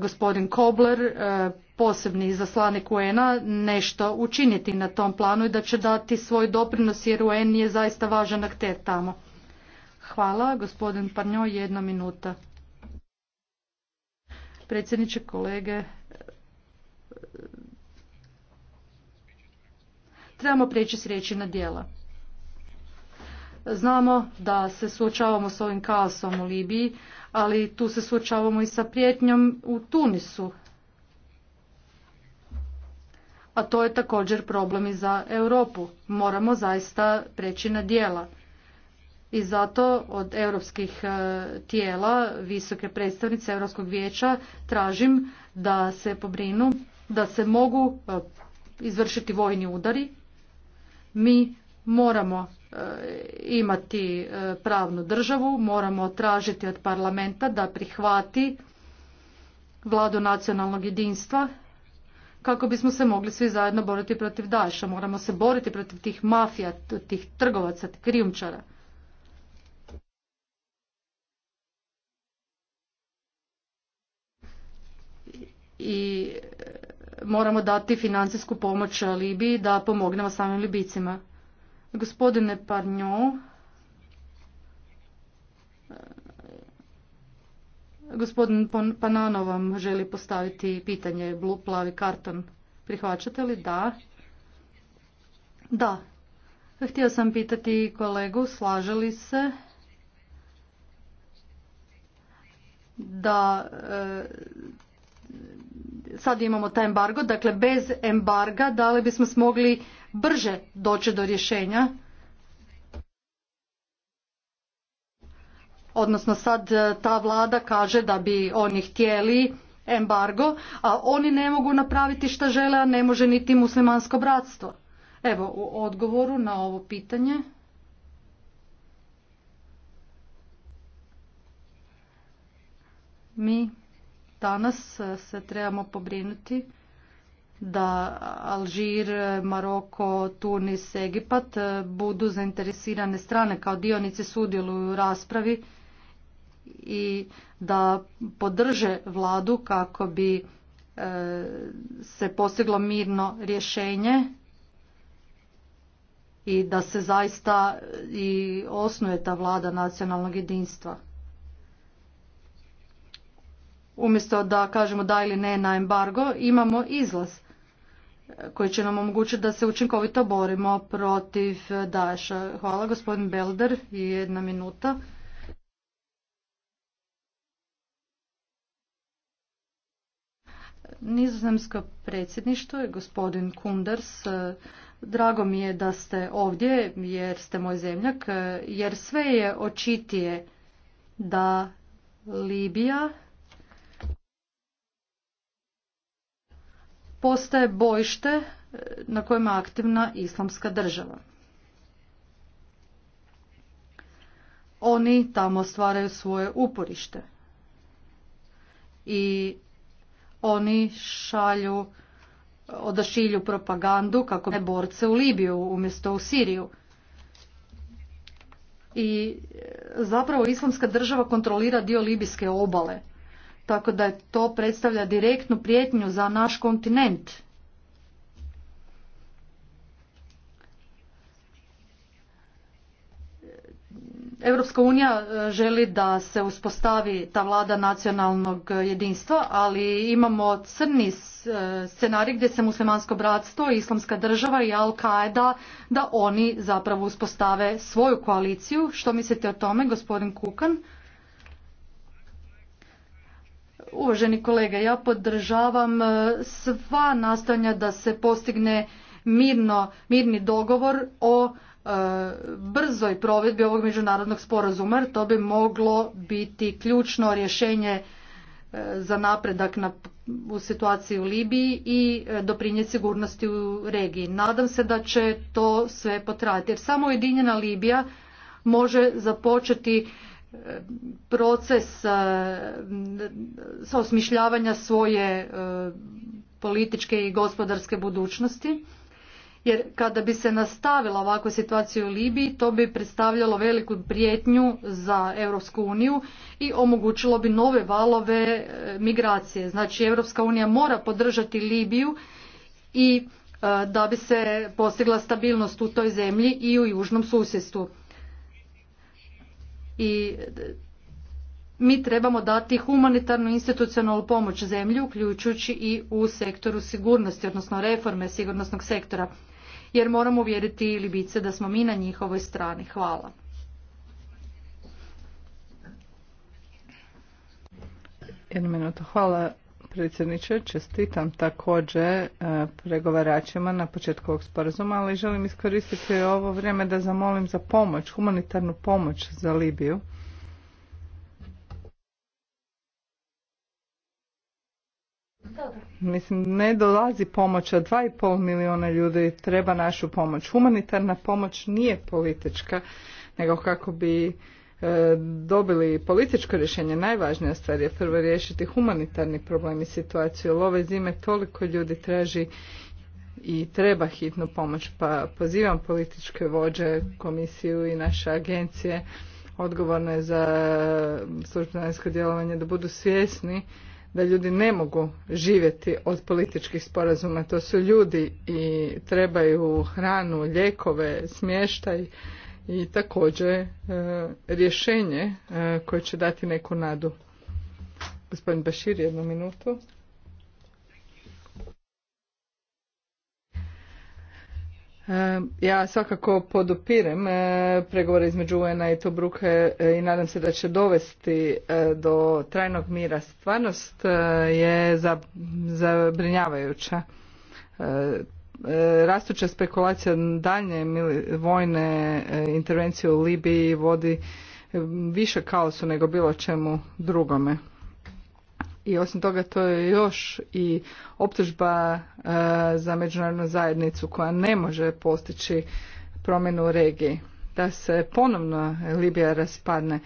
gospodin Kobler, e, posebni izaslanik UN-a, nešto učiniti na tom planu i da će dati svoj doprinos jer UN je zaista važan akter tamo. Hvala. Gospodin Parnjo, jedna minuta. Predsjedniče, kolege, e, trebamo prijeći s riječi na dijela. Znamo da se suočavamo s ovim kaosom u Libiji, ali tu se suočavamo i sa prijetnjom u Tunisu. A to je također problem i za Europu. Moramo zaista preći na dijela. I zato od europskih e, tijela, visoke predstavnice Europskog vijeća, tražim da se pobrinu, da se mogu e, izvršiti vojni udari. Mi moramo e, imati e, pravnu državu, moramo tražiti od parlamenta da prihvati vladu nacionalnog jedinstva kako bismo se mogli svi zajedno boriti protiv Daša. Moramo se boriti protiv tih mafija, tih trgovaca, tih krijumčara. I e, moramo dati financijsku pomoć Libiji da pomognemo samim Libicima. Gospodine Parnjo, gospodin Panano vam želi postaviti pitanje, plavi karton. Prihvaćate li? Da. Da. Htio sam pitati kolegu, slaže li se da e, sad imamo taj embargo, dakle bez embarga da li bismo smogli brže doći do rješenja. Odnosno sad e, ta vlada kaže da bi oni htjeli embargo, a oni ne mogu napraviti šta žele, a ne može niti muslimansko bratstvo. Evo, u odgovoru na ovo pitanje. Mi danas e, se trebamo pobrinuti da Alžir, Maroko, Tunis, Egipat budu zainteresirane strane kao dionici sudjeluju u raspravi i da podrže vladu kako bi e, se postiglo mirno rješenje i da se zaista i osnuje ta vlada nacionalnog jedinstva. Umjesto da kažemo da ili ne na embargo, imamo izlaz koji će nam omogućiti da se učinkovito borimo protiv Daša. Hvala gospodin Belder i jedna minuta. Nizozemsko predsjedništvo je gospodin Kunders. Drago mi je da ste ovdje jer ste moj zemljak, jer sve je očitije da Libija postaje bojište e, na kojima je aktivna islamska država. Oni tamo stvaraju svoje uporište i oni šalju odašilju propagandu kako ne borce u Libiju umjesto u Siriju. I e, zapravo islamska država kontrolira dio libijske obale tako da to predstavlja direktnu prijetnju za naš kontinent. Europska unija e, želi da se uspostavi ta vlada nacionalnog jedinstva, ali imamo crni e, scenarij gdje se muslimansko bratstvo, islamska država i Al-Qaeda, da oni zapravo uspostave svoju koaliciju. Što mislite o tome, gospodin Kukan? Uvaženi kolege, ja podržavam e, sva nastojanja da se postigne mirno, mirni dogovor o e, brzoj provedbi ovog međunarodnog sporazuma. To bi moglo biti ključno rješenje e, za napredak na, u situaciji u Libiji i doprinijeti sigurnosti u regiji. Nadam se da će to sve potrajati jer samo Ujedinjena Libija može započeti proces e, osmišljavanja svoje e, političke i gospodarske budućnosti jer kada bi se nastavila ovakva situacija u Libiji to bi predstavljalo veliku prijetnju za Europsku uniju i omogućilo bi nove valove e, migracije. Znači Europska unija mora podržati Libiju i da bi se postigla stabilnost u toj zemlji i u južnom susjedstvu i mi trebamo dati humanitarnu institucionalnu pomoć zemlji uključujući i u sektoru sigurnosti, odnosno reforme sigurnosnog sektora, jer moramo uvjeriti Libice da smo mi na njihovoj strani. Hvala. Hvala predsjedniče. Čestitam također e, pregovaračima na početku ovog sporazuma, ali želim iskoristiti ovo vrijeme da zamolim za pomoć, humanitarnu pomoć za Libiju. Mislim, ne dolazi pomoć, a 2,5 milijuna ljudi treba našu pomoć. Humanitarna pomoć nije politička, nego kako bi E, dobili političko rješenje, najvažnija stvar je prvo riješiti humanitarni problem i situaciju, jer ove zime toliko ljudi traži i treba hitnu pomoć, pa pozivam političke vođe, komisiju i naše agencije odgovorne za službeno djelovanje da budu svjesni da ljudi ne mogu živjeti od političkih sporazuma. To su ljudi i trebaju hranu, ljekove, smještaj, i također e, rješenje e, koje će dati neku nadu. Gospodin Bašir, jednu minutu. E, ja svakako podupirem pregovore između un i Tobruke i nadam se da će dovesti do trajnog mira. Stvarnost je zabrinjavajuća. E, rastuća spekulacija daljnje vojne e, intervencije u Libiji vodi e, više kaosu nego bilo čemu drugome. I osim toga to je još i optužba za međunarodnu zajednicu koja ne može postići promjenu u regiji. Da se ponovno Libija raspadne,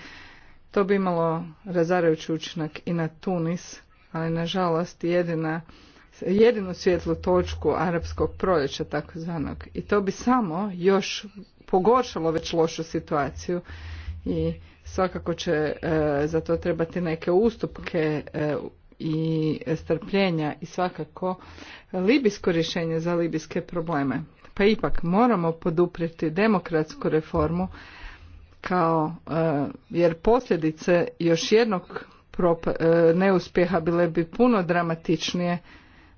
to bi imalo razarajući učinak i na Tunis, ali nažalost jedina jedinu svjetlu točku arapskog proljeća takozvanog i to bi samo još pogoršalo već lošu situaciju i svakako će e, za to trebati neke ustupke e, i strpljenja i svakako libijsko rješenje za libijske probleme. Pa ipak moramo poduprijeti demokratsku reformu kao e, jer posljedice još jednog e, neuspjeha bile bi puno dramatičnije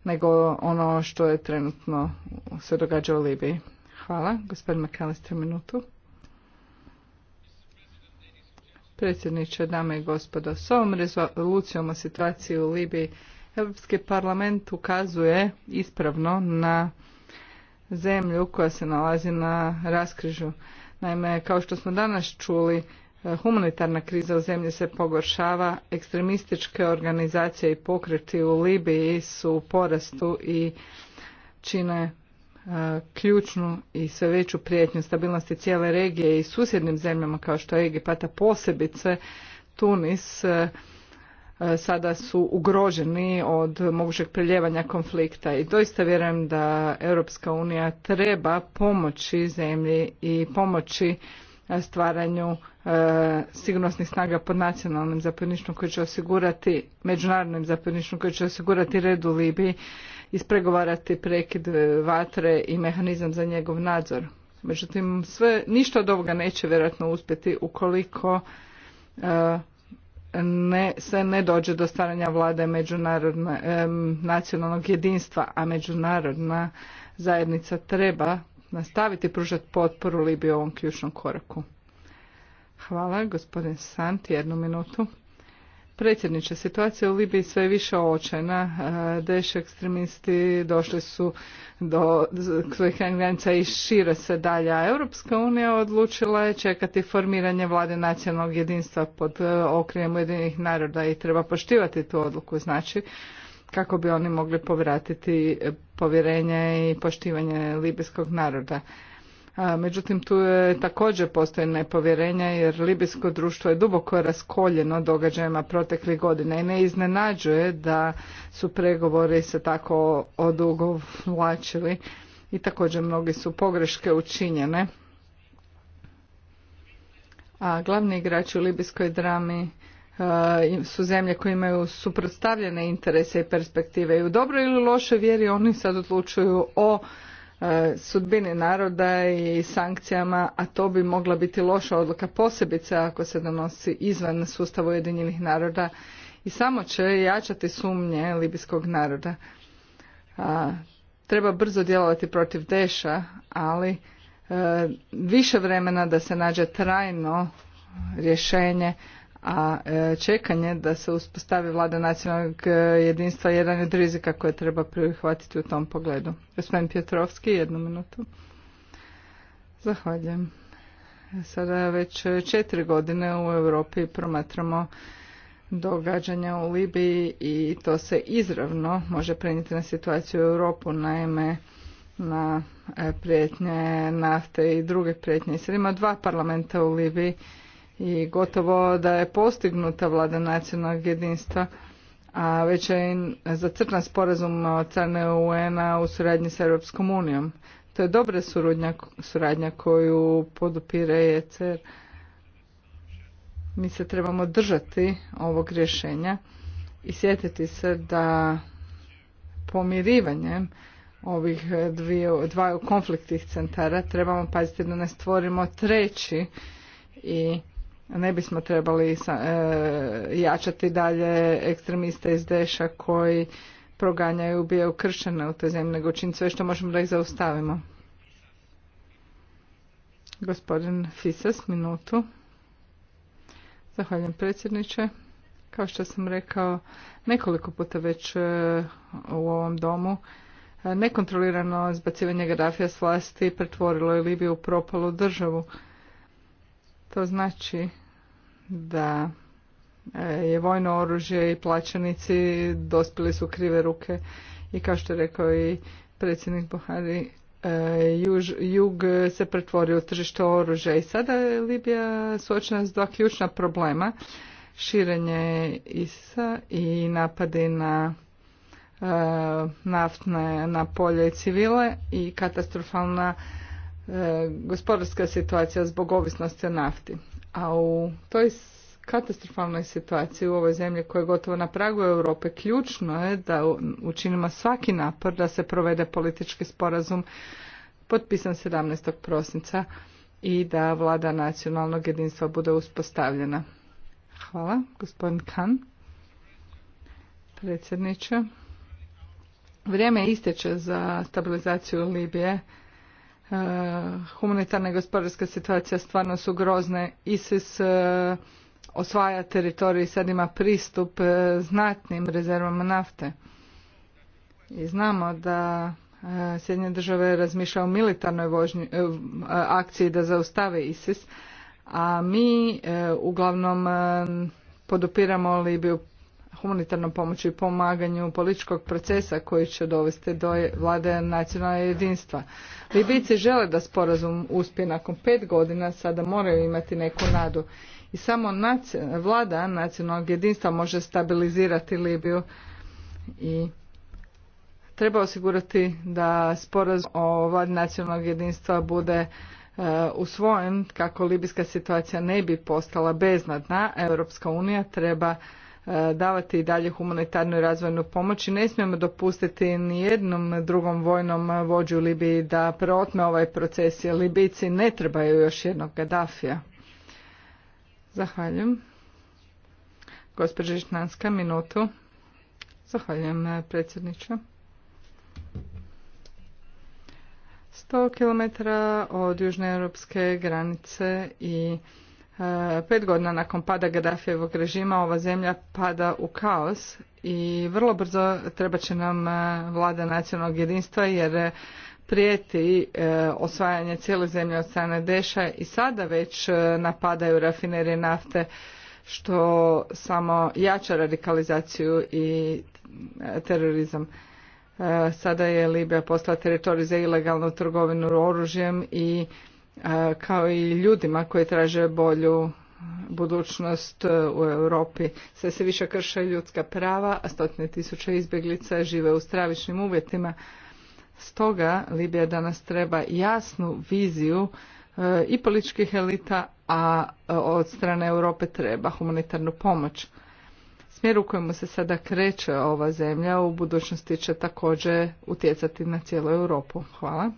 nego ono što je trenutno se događa u Libiji. Hvala. Gospodin McAllister, minutu. Predsjedniče, dame i gospodo, s ovom rezolucijom o situaciji u Libiji Europski parlament ukazuje ispravno na zemlju koja se nalazi na raskrižu. Naime, kao što smo danas čuli, Humanitarna kriza u zemlji se pogoršava, ekstremističke organizacije i pokreti u Libiji su u porastu i čine e, ključnu i sve veću prijetnju stabilnosti cijele regije i susjednim zemljama kao što je Egipata posebice Tunis e, e, sada su ugroženi od mogućeg priljevanja konflikta i doista vjerujem da Europska unija treba pomoći zemlji i pomoći stvaranju e, sigurnosnih snaga pod nacionalnim zapovjedništvom koji će osigurati međunarodnim zapovjedništvom koji će osigurati red u Libiji ispregovarati prekid e, vatre i mehanizam za njegov nadzor. Međutim, sve, ništa od ovoga neće vjerojatno uspjeti ukoliko e, ne, se ne dođe do stvaranja vlade međunarodne, nacionalnog jedinstva, a međunarodna zajednica treba nastaviti pružati potporu Libiji u ovom ključnom koraku. Hvala, gospodin Sant, jednu minutu. Predsjedniče, situacija u Libiji sve je više očajna. Deši ekstremisti došli su do svojih granica i šire se dalje. A Europska unija odlučila je čekati formiranje vlade nacionalnog jedinstva pod e, okrijem jedinih naroda i treba poštivati tu odluku. Znači, kako bi oni mogli povratiti e, povjerenje i poštivanje libijskog naroda. Međutim, tu je također postoji nepovjerenje, jer libijsko društvo je duboko raskoljeno događajima proteklih godina i ne iznenađuje da su pregovori se tako odugovlačili i također mnogi su pogreške učinjene. A glavni igrači u libijskoj drami E, su zemlje koje imaju suprotstavljene interese i perspektive i u dobroj ili lošoj vjeri oni sad odlučuju o e, sudbini naroda i sankcijama, a to bi mogla biti loša odluka posebice ako se donosi izvan sustava Ujedinjenih naroda i samo će jačati sumnje libijskog naroda. treba brzo djelovati protiv Deša, ali e, više vremena da se nađe trajno rješenje, a e, čekanje da se uspostavi vlada nacionalnog e, jedinstva je jedan od rizika koje treba prihvatiti u tom pogledu. Gospodin Pjetrovski, jednu minutu. Zahvaljujem. Sada već četiri godine u Europi promatramo događanja u Libiji i to se izravno može prenijeti na situaciju u Europu, naime na e, prijetnje nafte i druge prijetnje. Sada ima dva parlamenta u Libiji i gotovo da je postignuta vlada nacionalnog jedinstva, a već je zacrtan sporazum od UN-a u suradnji sa Europskom unijom. To je dobra suradnja, suradnja koju podupire ECR. Mi se trebamo držati ovog rješenja i sjetiti se da pomirivanjem ovih dvije, dvaju konfliktih centara trebamo paziti da ne stvorimo treći i ne bismo trebali e, jačati dalje ekstremiste iz Deša koji proganjaju i ubijaju u te zemlje nego sve što možemo da ih zaustavimo. Gospodin Fisas, minutu. Zahvaljujem predsjedniče. Kao što sam rekao nekoliko puta već e, u ovom domu, e, nekontrolirano zbacivanje Gaddafija s vlasti pretvorilo je Libiju u propalu državu to znači da e, je vojno oružje i plaćenici dospjeli su krive ruke i kao što je rekao i predsjednik Buhari e, juž, jug se pretvorio u tržište oružja i sada je Libija suočena s dva ključna problema širenje ISA i napadi na e, naftne na polje civile i katastrofalna E, gospodarska situacija zbog ovisnosti o nafti. A u toj katastrofalnoj situaciji u ovoj zemlji koja je gotovo na pragu Europe, ključno je da učinimo svaki napor da se provede politički sporazum potpisan 17. prosinca i da vlada nacionalnog jedinstva bude uspostavljena. Hvala. Gospodin Kan. Predsjedniče. Vrijeme isteče za stabilizaciju Libije E, humanitarna i gospodarska situacija stvarno su grozne. ISIS e, osvaja teritorij i sad ima pristup e, znatnim rezervama nafte. I znamo da Sjedinje države razmišlja o militarnoj akciji da zaustave ISIS, a mi uglavnom podupiramo Libiju humanitarnom pomoći i pomaganju političkog procesa koji će dovesti do vlade nacionalnog jedinstva. Libijci žele da sporazum uspije nakon pet godina, sada moraju imati neku nadu. I samo vlada nacionalnog jedinstva može stabilizirati Libiju i treba osigurati da sporazum o vladi nacionalnog jedinstva bude e, usvojen kako libijska situacija ne bi postala beznadna. Europska unija treba E, davati i dalje humanitarnu i razvojnu pomoć i ne smijemo dopustiti ni jednom drugom vojnom vođu u Libiji da preotme ovaj proces jer Libijci ne trebaju još jednog Gaddafija. Zahvaljujem. Gospođa Žitnanska, minutu. Zahvaljujem e, predsjedniče. 100 km od južne europske granice i E, pet godina nakon pada Gaddafijevog režima ova zemlja pada u kaos i vrlo brzo treba će nam e, vlada nacionalnog jedinstva jer e, prijeti osvajanje cijele zemlje od strane Deša i sada već napadaju rafinerije nafte što samo jača radikalizaciju i terorizam. Sada je Libija postala teritorij za ilegalnu trgovinu oružjem i kao i ljudima koji traže bolju budućnost e, u Europi. Sve se više krše ljudska prava, a stotine tisuća izbjeglica žive u stravičnim uvjetima. Stoga Libija danas treba jasnu viziju e, i političkih elita, a e, od strane Europe treba humanitarnu pomoć. Smjer u kojemu se sada kreće ova zemlja u budućnosti će također utjecati na cijelu Europu. Hvala.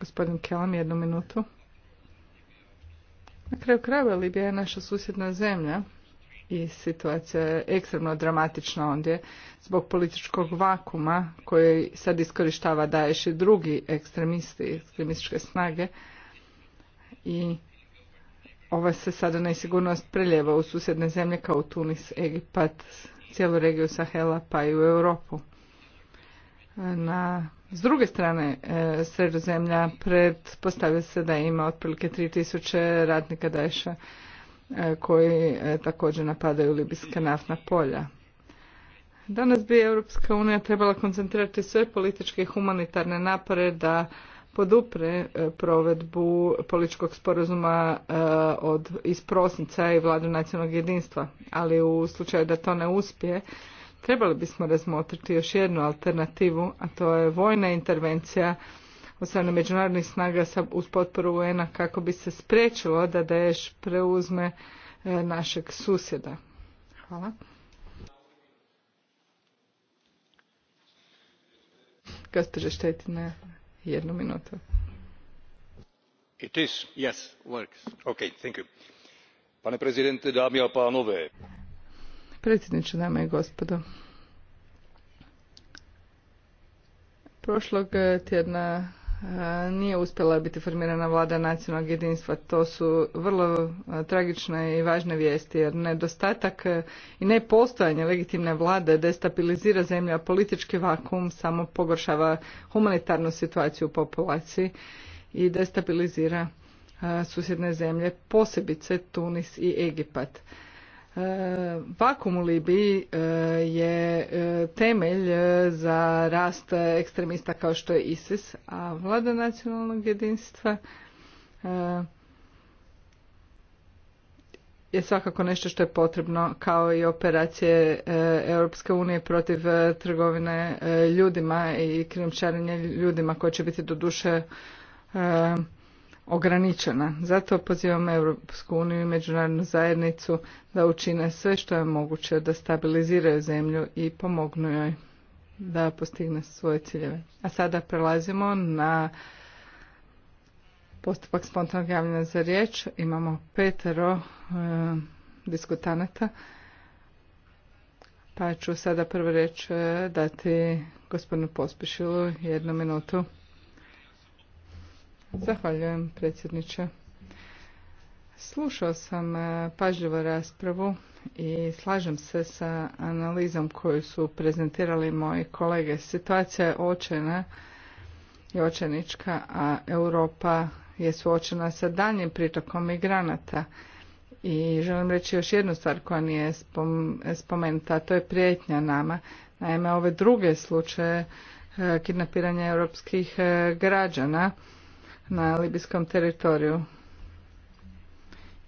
Gospodin Kelam, jednu minutu. Na kraju krajeva Libija je naša susjedna zemlja i situacija je ekstremno dramatična ondje zbog političkog vakuma koji sad iskorištava Daješ i drugi ekstremisti, ekstremističke snage i ova se sada nesigurnost preljeva u susjedne zemlje kao Tunis, Egipat, cijelu regiju Sahela pa i u Europu. Na s druge strane, e, sredozemlja predpostavlja se da ima otprilike 3000 radnika Daesha e, koji e, također napadaju libijska naftna polja. Danas bi Europska unija trebala koncentrirati sve političke i humanitarne napore da podupre provedbu političkog sporazuma od, iz prosinca i vladu nacionalnog jedinstva, ali u slučaju da to ne uspije, Trebali bismo razmotriti još jednu alternativu, a to je vojna intervencija od strane međunarodnih snaga uz potporu UN-a kako bi se spriječilo da Daesh preuzme e, našeg susjeda. Hvala. Gospođa Štetina, jednu minutu. It is, yes, works. Okay, thank you. Pane prezidente, dámy a pánové. Predsjedniče, dame i gospodo. Prošlog tjedna nije uspjela biti formirana vlada nacionalnog jedinstva. To su vrlo tragične i važne vijesti jer nedostatak i nepostojanje legitimne vlade destabilizira zemlju, a politički vakum samo pogoršava humanitarnu situaciju u populaciji i destabilizira susjedne zemlje, posebice Tunis i Egipat. Vakum u Libiji e, je e, temelj e, za rast ekstremista kao što je ISIS, a vlada nacionalnog jedinstva je svakako nešto što je potrebno kao i operacije Europske unije protiv trgovine ljudima i krijumčarenja ljudima koje će biti do duše ograničena. Zato pozivam Europsku uniju i međunarodnu zajednicu da učine sve što je moguće da stabiliziraju zemlju i pomognu joj da postigne svoje ciljeve. A sada prelazimo na postupak spontanog javljanja za riječ. Imamo petero e, diskutanata. Pa ću sada prvo riječ e, dati gospodinu Pospišilu jednu minutu. Zahvaljujem predsjedniče. Slušao sam e, pažljivo raspravu i slažem se sa analizom koju su prezentirali moji kolege. Situacija je očena i očenička, a Europa je suočena sa daljnjim pritokom migranata. I želim reći još jednu stvar koja nije spomenuta, a to je prijetnja nama. Naime, ove druge slučaje e, kidnapiranja europskih e, građana, na libijskom teritoriju.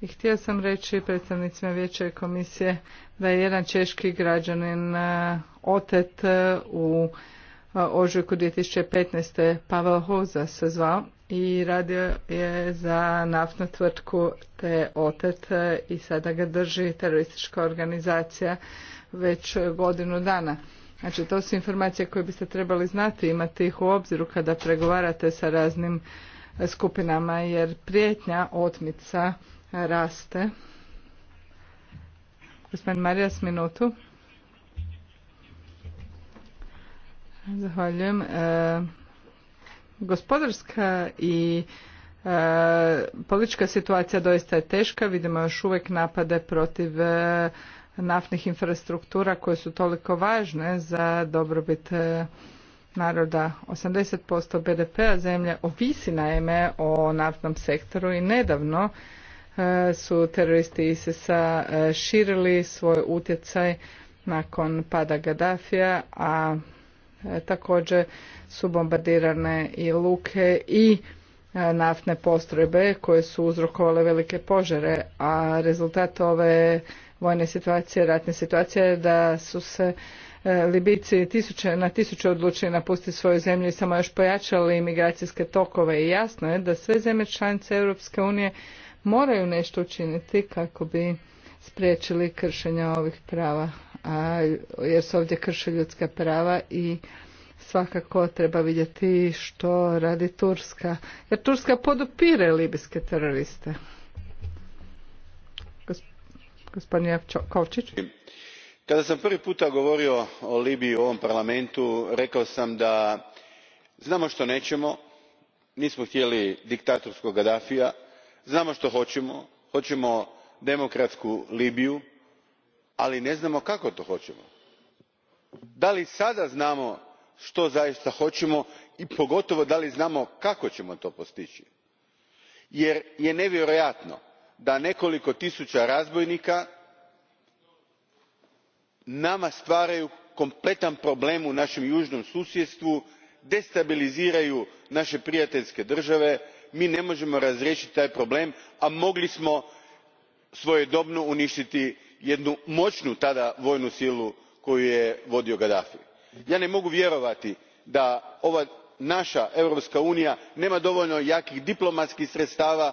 I htio sam reći predstavnicima vijeća komisije da je jedan češki građanin e, otet e, u e, ožujku 2015. Pavel Hoza se zvao i radio je za naftnu tvrtku te otet i sada ga drži teroristička organizacija već godinu dana. Znači to su informacije koje biste trebali znati, imati ih u obziru kada pregovarate sa raznim skupinama jer prijetnja otmica raste. Gospodin Marijas, minutu. Zahvaljujem. E, gospodarska i e, politička situacija doista je teška. Vidimo još uvijek napade protiv e, naftnih infrastruktura koje su toliko važne za dobrobit naroda. 80% BDP-a zemlje ovisi naime o naftnom sektoru i nedavno e, su teroristi ISIS-a e, širili svoj utjecaj nakon pada Gaddafija, a e, također su bombardirane i luke i naftne postrojbe koje su uzrokovale velike požare, a rezultat ove vojne situacije, ratne situacije je da su se E, Libijci tisuće, na tisuće odlučili napustiti svoju zemlju i samo još pojačali imigracijske tokove i jasno je da sve zemlje članice Europske unije moraju nešto učiniti kako bi spriječili kršenja ovih prava, a, jer se ovdje krše ljudska prava i svakako treba vidjeti što radi Turska, jer Turska podupire libijske teroriste. Gospodin Kovčić kada sam prvi puta govorio o libiji u ovom parlamentu rekao sam da znamo što nećemo nismo htjeli diktatorskog gadafija znamo što hoćemo hoćemo demokratsku libiju ali ne znamo kako to hoćemo. da li sada znamo što zaista hoćemo i pogotovo da li znamo kako ćemo to postići jer je nevjerojatno da nekoliko tisuća razbojnika nama stvaraju kompletan problem u našem južnom susjedstvu destabiliziraju naše prijateljske države mi ne možemo razriješiti taj problem a mogli smo svojedobno uništiti jednu moćnu tada vojnu silu koju je vodio gadafi. ja ne mogu vjerovati da ova naša europska unija nema dovoljno jakih diplomatskih sredstava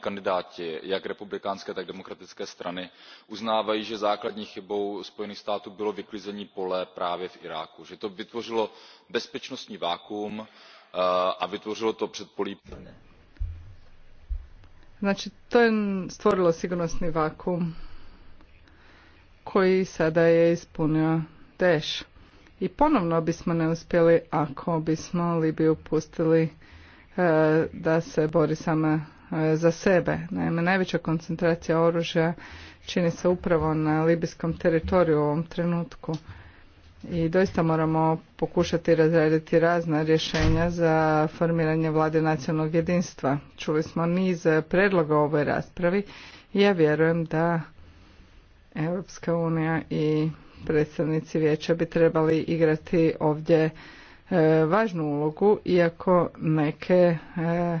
kandidáti jak republikánské tak demokratické strany uznávají že základní chybou spojených států bylo vyklizení pole právě v iráku že to vytvořilo bezpečnostní vakuum eh, a vytvořilo to předpolí Znači, to je stvorilo sigurnosni vakuum koji sada je ispunio Deš. I ponovno bismo ne uspjeli ako bismo Libiju pustili eh, da se bori sama E, za sebe. Naime, najveća koncentracija oružja čini se upravo na libijskom teritoriju u ovom trenutku. I doista moramo pokušati razraditi razna rješenja za formiranje vlade nacionalnog jedinstva. Čuli smo niz predloga u ovoj raspravi i ja vjerujem da Europska unija i predstavnici vijeća bi trebali igrati ovdje e, važnu ulogu, iako neke e,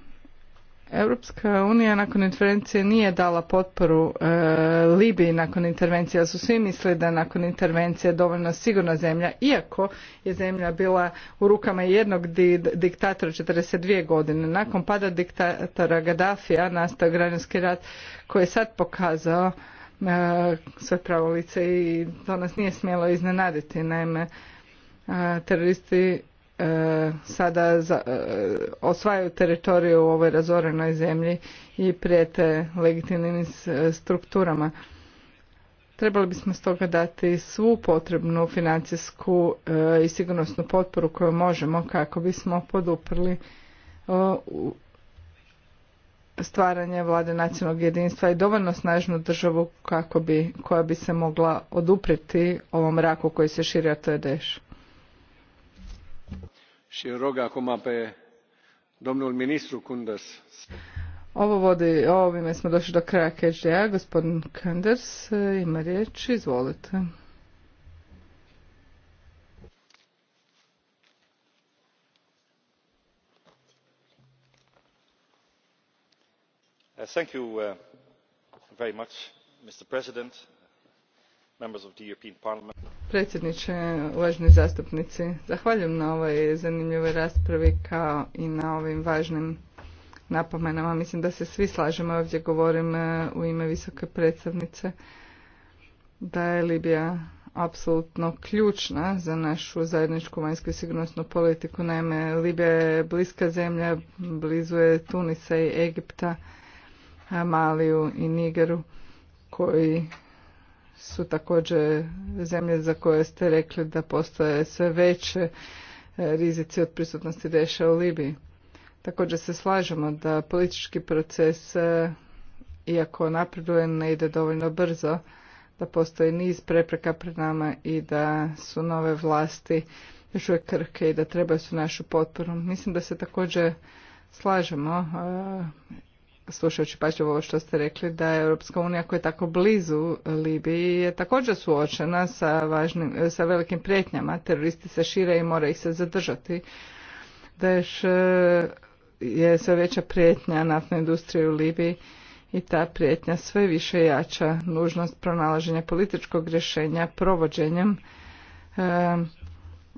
Europska unija nakon intervencije nije dala potporu e, Libiji nakon intervencije, ali su svi mislili da nakon intervencije dovoljno sigurna zemlja, iako je zemlja bila u rukama jednog di, diktatora 42 godine. Nakon pada diktatora Gaddafija nastao građanski rat koji je sad pokazao e, sve pravo lice i to nas nije smjelo iznenaditi. Naime, e, teroristi E, sada za, e, osvajaju teritoriju u ovoj razorenoj zemlji i prijete legitimnim e, strukturama. Trebali bismo stoga dati svu potrebnu financijsku i sigurnosnu potporu koju možemo kako bismo poduprli stvaranje vlade nacionalnog jedinstva i dovoljno snažnu državu kako bi, koja bi se mogla odupriti ovom raku koji se širi, a to je deš ministru Ovo vodi, ovime smo došli do kraja KGA. Gospodin Kunders eh, ima riječ, izvolite. Uh, thank uh, Predsjedniče, uvaženi zastupnici, zahvaljujem na ovoj zanimljivoj raspravi kao i na ovim važnim napomenama. Mislim da se svi slažemo, ovdje govorim e, u ime visoke predstavnice, da je Libija apsolutno ključna za našu zajedničku vanjsku i sigurnosnu politiku. Naime, Libija je bliska zemlja, blizu je Tunisa i Egipta, Maliju i Nigeru koji su također zemlje za koje ste rekli da postoje sve veće e, rizici od prisutnosti Deša u Libiji. Također se slažemo da politički proces, e, iako napreduje, ne ide dovoljno brzo, da postoji niz prepreka pred nama i da su nove vlasti još uvijek krhke i da trebaju su našu potporu. Mislim da se također slažemo e, slušajući pažljivo ovo što ste rekli, da je Europska unija koja je tako blizu Libiji je također suočena sa, važnim, sa velikim prijetnjama. Teroristi se šire i mora ih se zadržati. Da e, je sve veća prijetnja naftnoj industriji u Libiji i ta prijetnja sve više jača nužnost pronalaženja političkog rješenja provođenjem e,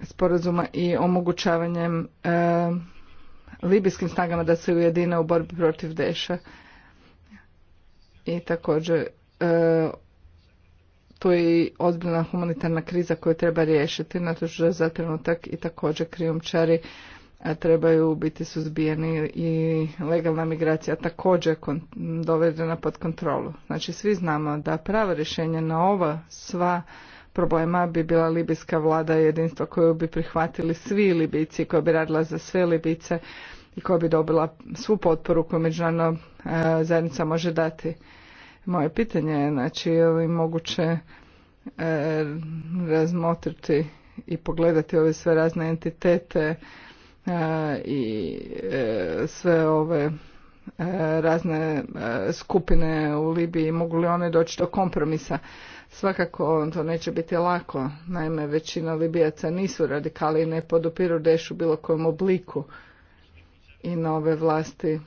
sporazuma i omogućavanjem e, libijskim snagama da se ujedine u borbi protiv Deša. I također e, tu je i ozbiljna humanitarna kriza koju treba riješiti, zato što za trenutak i također krijumčari e, trebaju biti suzbijeni i legalna migracija također dovedena pod kontrolu. Znači svi znamo da pravo rješenje na ova sva problema bi bila libijska vlada jedinstva koju bi prihvatili svi Libijci, koja bi radila za sve Libice i koja bi dobila svu potporu koju međunarodna e, zajednica može dati. Moje pitanje je, znači, je li moguće e, razmotriti i pogledati ove sve razne entitete e, i sve ove razne skupine u Libiji, mogu li one doći do kompromisa? Svakako to neće biti lako, naime većina Libijaca nisu radikali i ne podupiru Dešu u bilo kojem obliku i nove vlasti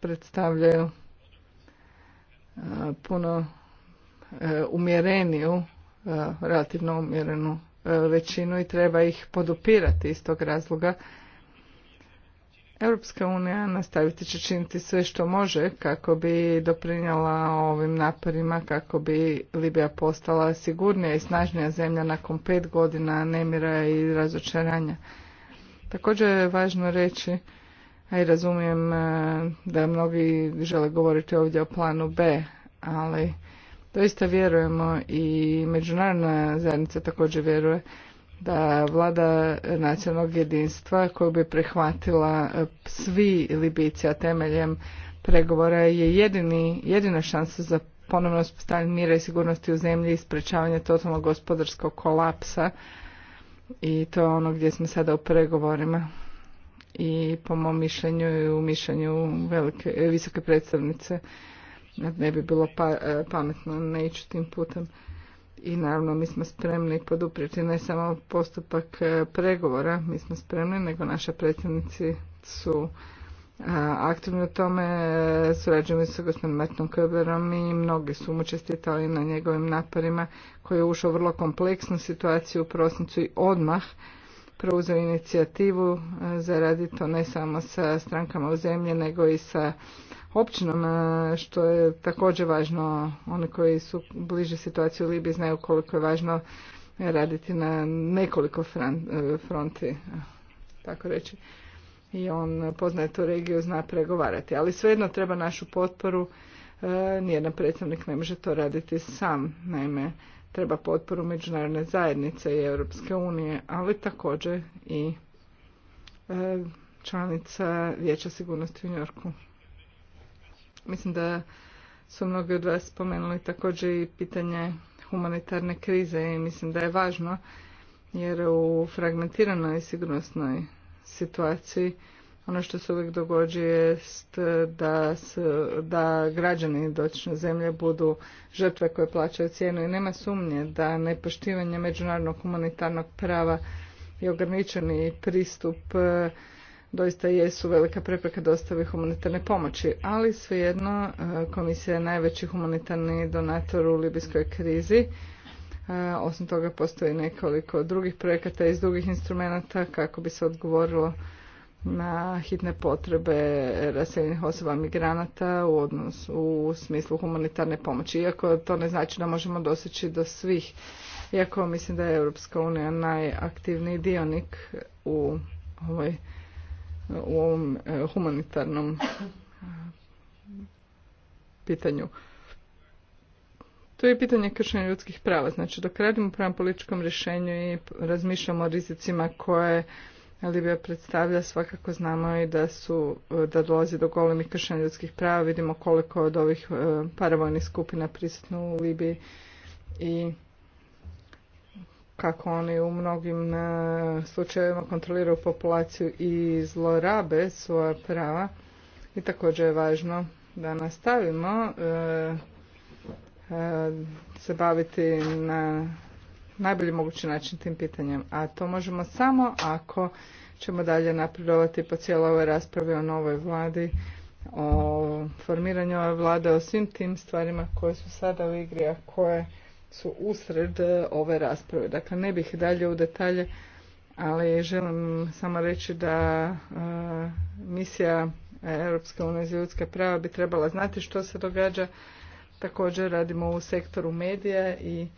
predstavljaju e, puno e, umjereniju, e, relativno umjerenu većinu i treba ih podupirati iz tog razloga. Europska unija nastaviti će činiti sve što može kako bi doprinjala ovim naporima, kako bi Libija postala sigurnija i snažnija zemlja nakon pet godina nemira i razočaranja. Također je važno reći a i razumijem e, da mnogi žele govoriti ovdje o planu B, ali doista vjerujemo i međunarodna zajednica također vjeruje da vlada nacionalnog jedinstva koju bi prihvatila e, svi Libijci, a temeljem pregovora je jedini, jedina šansa za ponovno uspostavljanje mira i sigurnosti u zemlji i sprečavanje totalnog gospodarskog kolapsa i to je ono gdje smo sada u pregovorima i po mom mišljenju i u mišljenju velike, visoke predstavnice ne bi bilo pa, e, pametno ne ići tim putem i naravno mi smo spremni poduprijeti ne samo postupak e, pregovora, mi smo spremni, nego naše predstavnici su e, aktivni u tome, surađujemo sa gospodinom Martinom Köberom i mnogi su mu čestitali na njegovim naporima koji je ušao u vrlo kompleksnu situaciju u prosincu i odmah Preuzeo inicijativu e, za raditi to ne samo sa strankama u zemlji nego i sa općinom e, što je također važno oni koji su bliže situaciji u Libiji znaju koliko je važno raditi na nekoliko e, fronti tako reći i on poznaje tu regiju zna pregovarati ali svejedno treba našu potporu nijedan predstavnik ne može to raditi sam naime treba potporu međunarodne zajednice i Europske unije, ali također i e, članica Vijeća sigurnosti u Njorku. Mislim da su mnogi od vas spomenuli također i pitanje humanitarne krize i mislim da je važno jer u fragmentiranoj sigurnosnoj situaciji ono što se uvijek događa jest da, da građani dotične zemlje budu žrtve koje plaćaju cijenu i nema sumnje da nepoštivanje međunarodnog humanitarnog prava i ograničeni pristup e, doista jesu velika prepreka dostavi humanitarne pomoći, ali svejedno e, komisija je najveći humanitarni donator u libijskoj krizi. E, osim toga postoji nekoliko drugih projekata iz drugih instrumenata kako bi se odgovorilo na hitne potrebe raseljenih osoba migranata u odnosu u smislu humanitarne pomoći. Iako to ne znači da možemo doseći do svih, iako mislim da je Europska unija najaktivniji dionik u ovoj u ovom e, humanitarnom e, pitanju. To je pitanje kršenja ljudskih prava. Znači, dok radimo prema političkom rješenju i razmišljamo o rizicima koje Libija predstavlja, svakako znamo i da su, da dolazi do golemih kršenja ljudskih prava, vidimo koliko od ovih e, paravojnih skupina prisutno u Libiji i kako oni u mnogim e, slučajevima kontroliraju populaciju i zlorabe svoja prava. I također je važno da nastavimo e, se baviti na najbolji mogući način tim pitanjem. A to možemo samo ako ćemo dalje napredovati po cijeloj ovoj raspravi o novoj vladi, o formiranju ove vlade, o svim tim stvarima koje su sada u igri, a koje su usred e, ove rasprave. Dakle, ne bih dalje u detalje, ali želim samo reći da e, misija Europske unije za ljudska prava bi trebala znati što se događa. Također radimo u sektoru medija i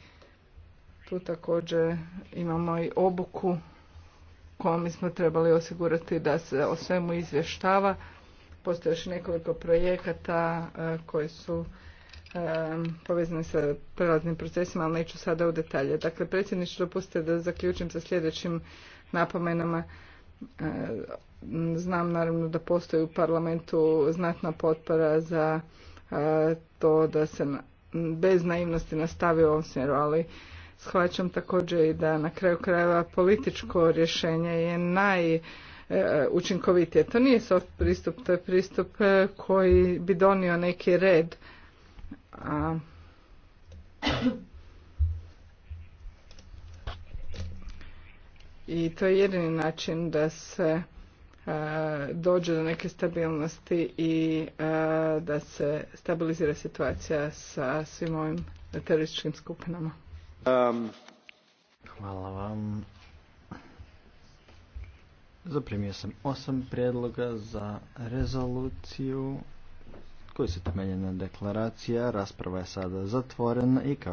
tu također imamo i obuku kojom mi smo trebali osigurati da se o svemu izvještava. Postoje još nekoliko projekata e, koji su e, povezani sa prelaznim procesima, ali neću sada u detalje. Dakle, predsjedniče, dopustite da zaključim sa sljedećim napomenama. E, znam naravno da postoji u parlamentu znatna potpora za to da se bez naivnosti nastavi u ovom smjeru, ali shvaćam također i da na kraju krajeva političko rješenje je naj e, učinkovitije. To nije soft pristup, to je pristup e, koji bi donio neki red. A... I to je jedini način da se e, dođe do neke stabilnosti i da se stabilizira situacija sa svim ovim terorističkim skupinama. Um, Hvala vam. Zaprimio sam osam prijedloga za rezoluciju koji se temelje na deklaracija. Rasprava je sada zatvorena i kao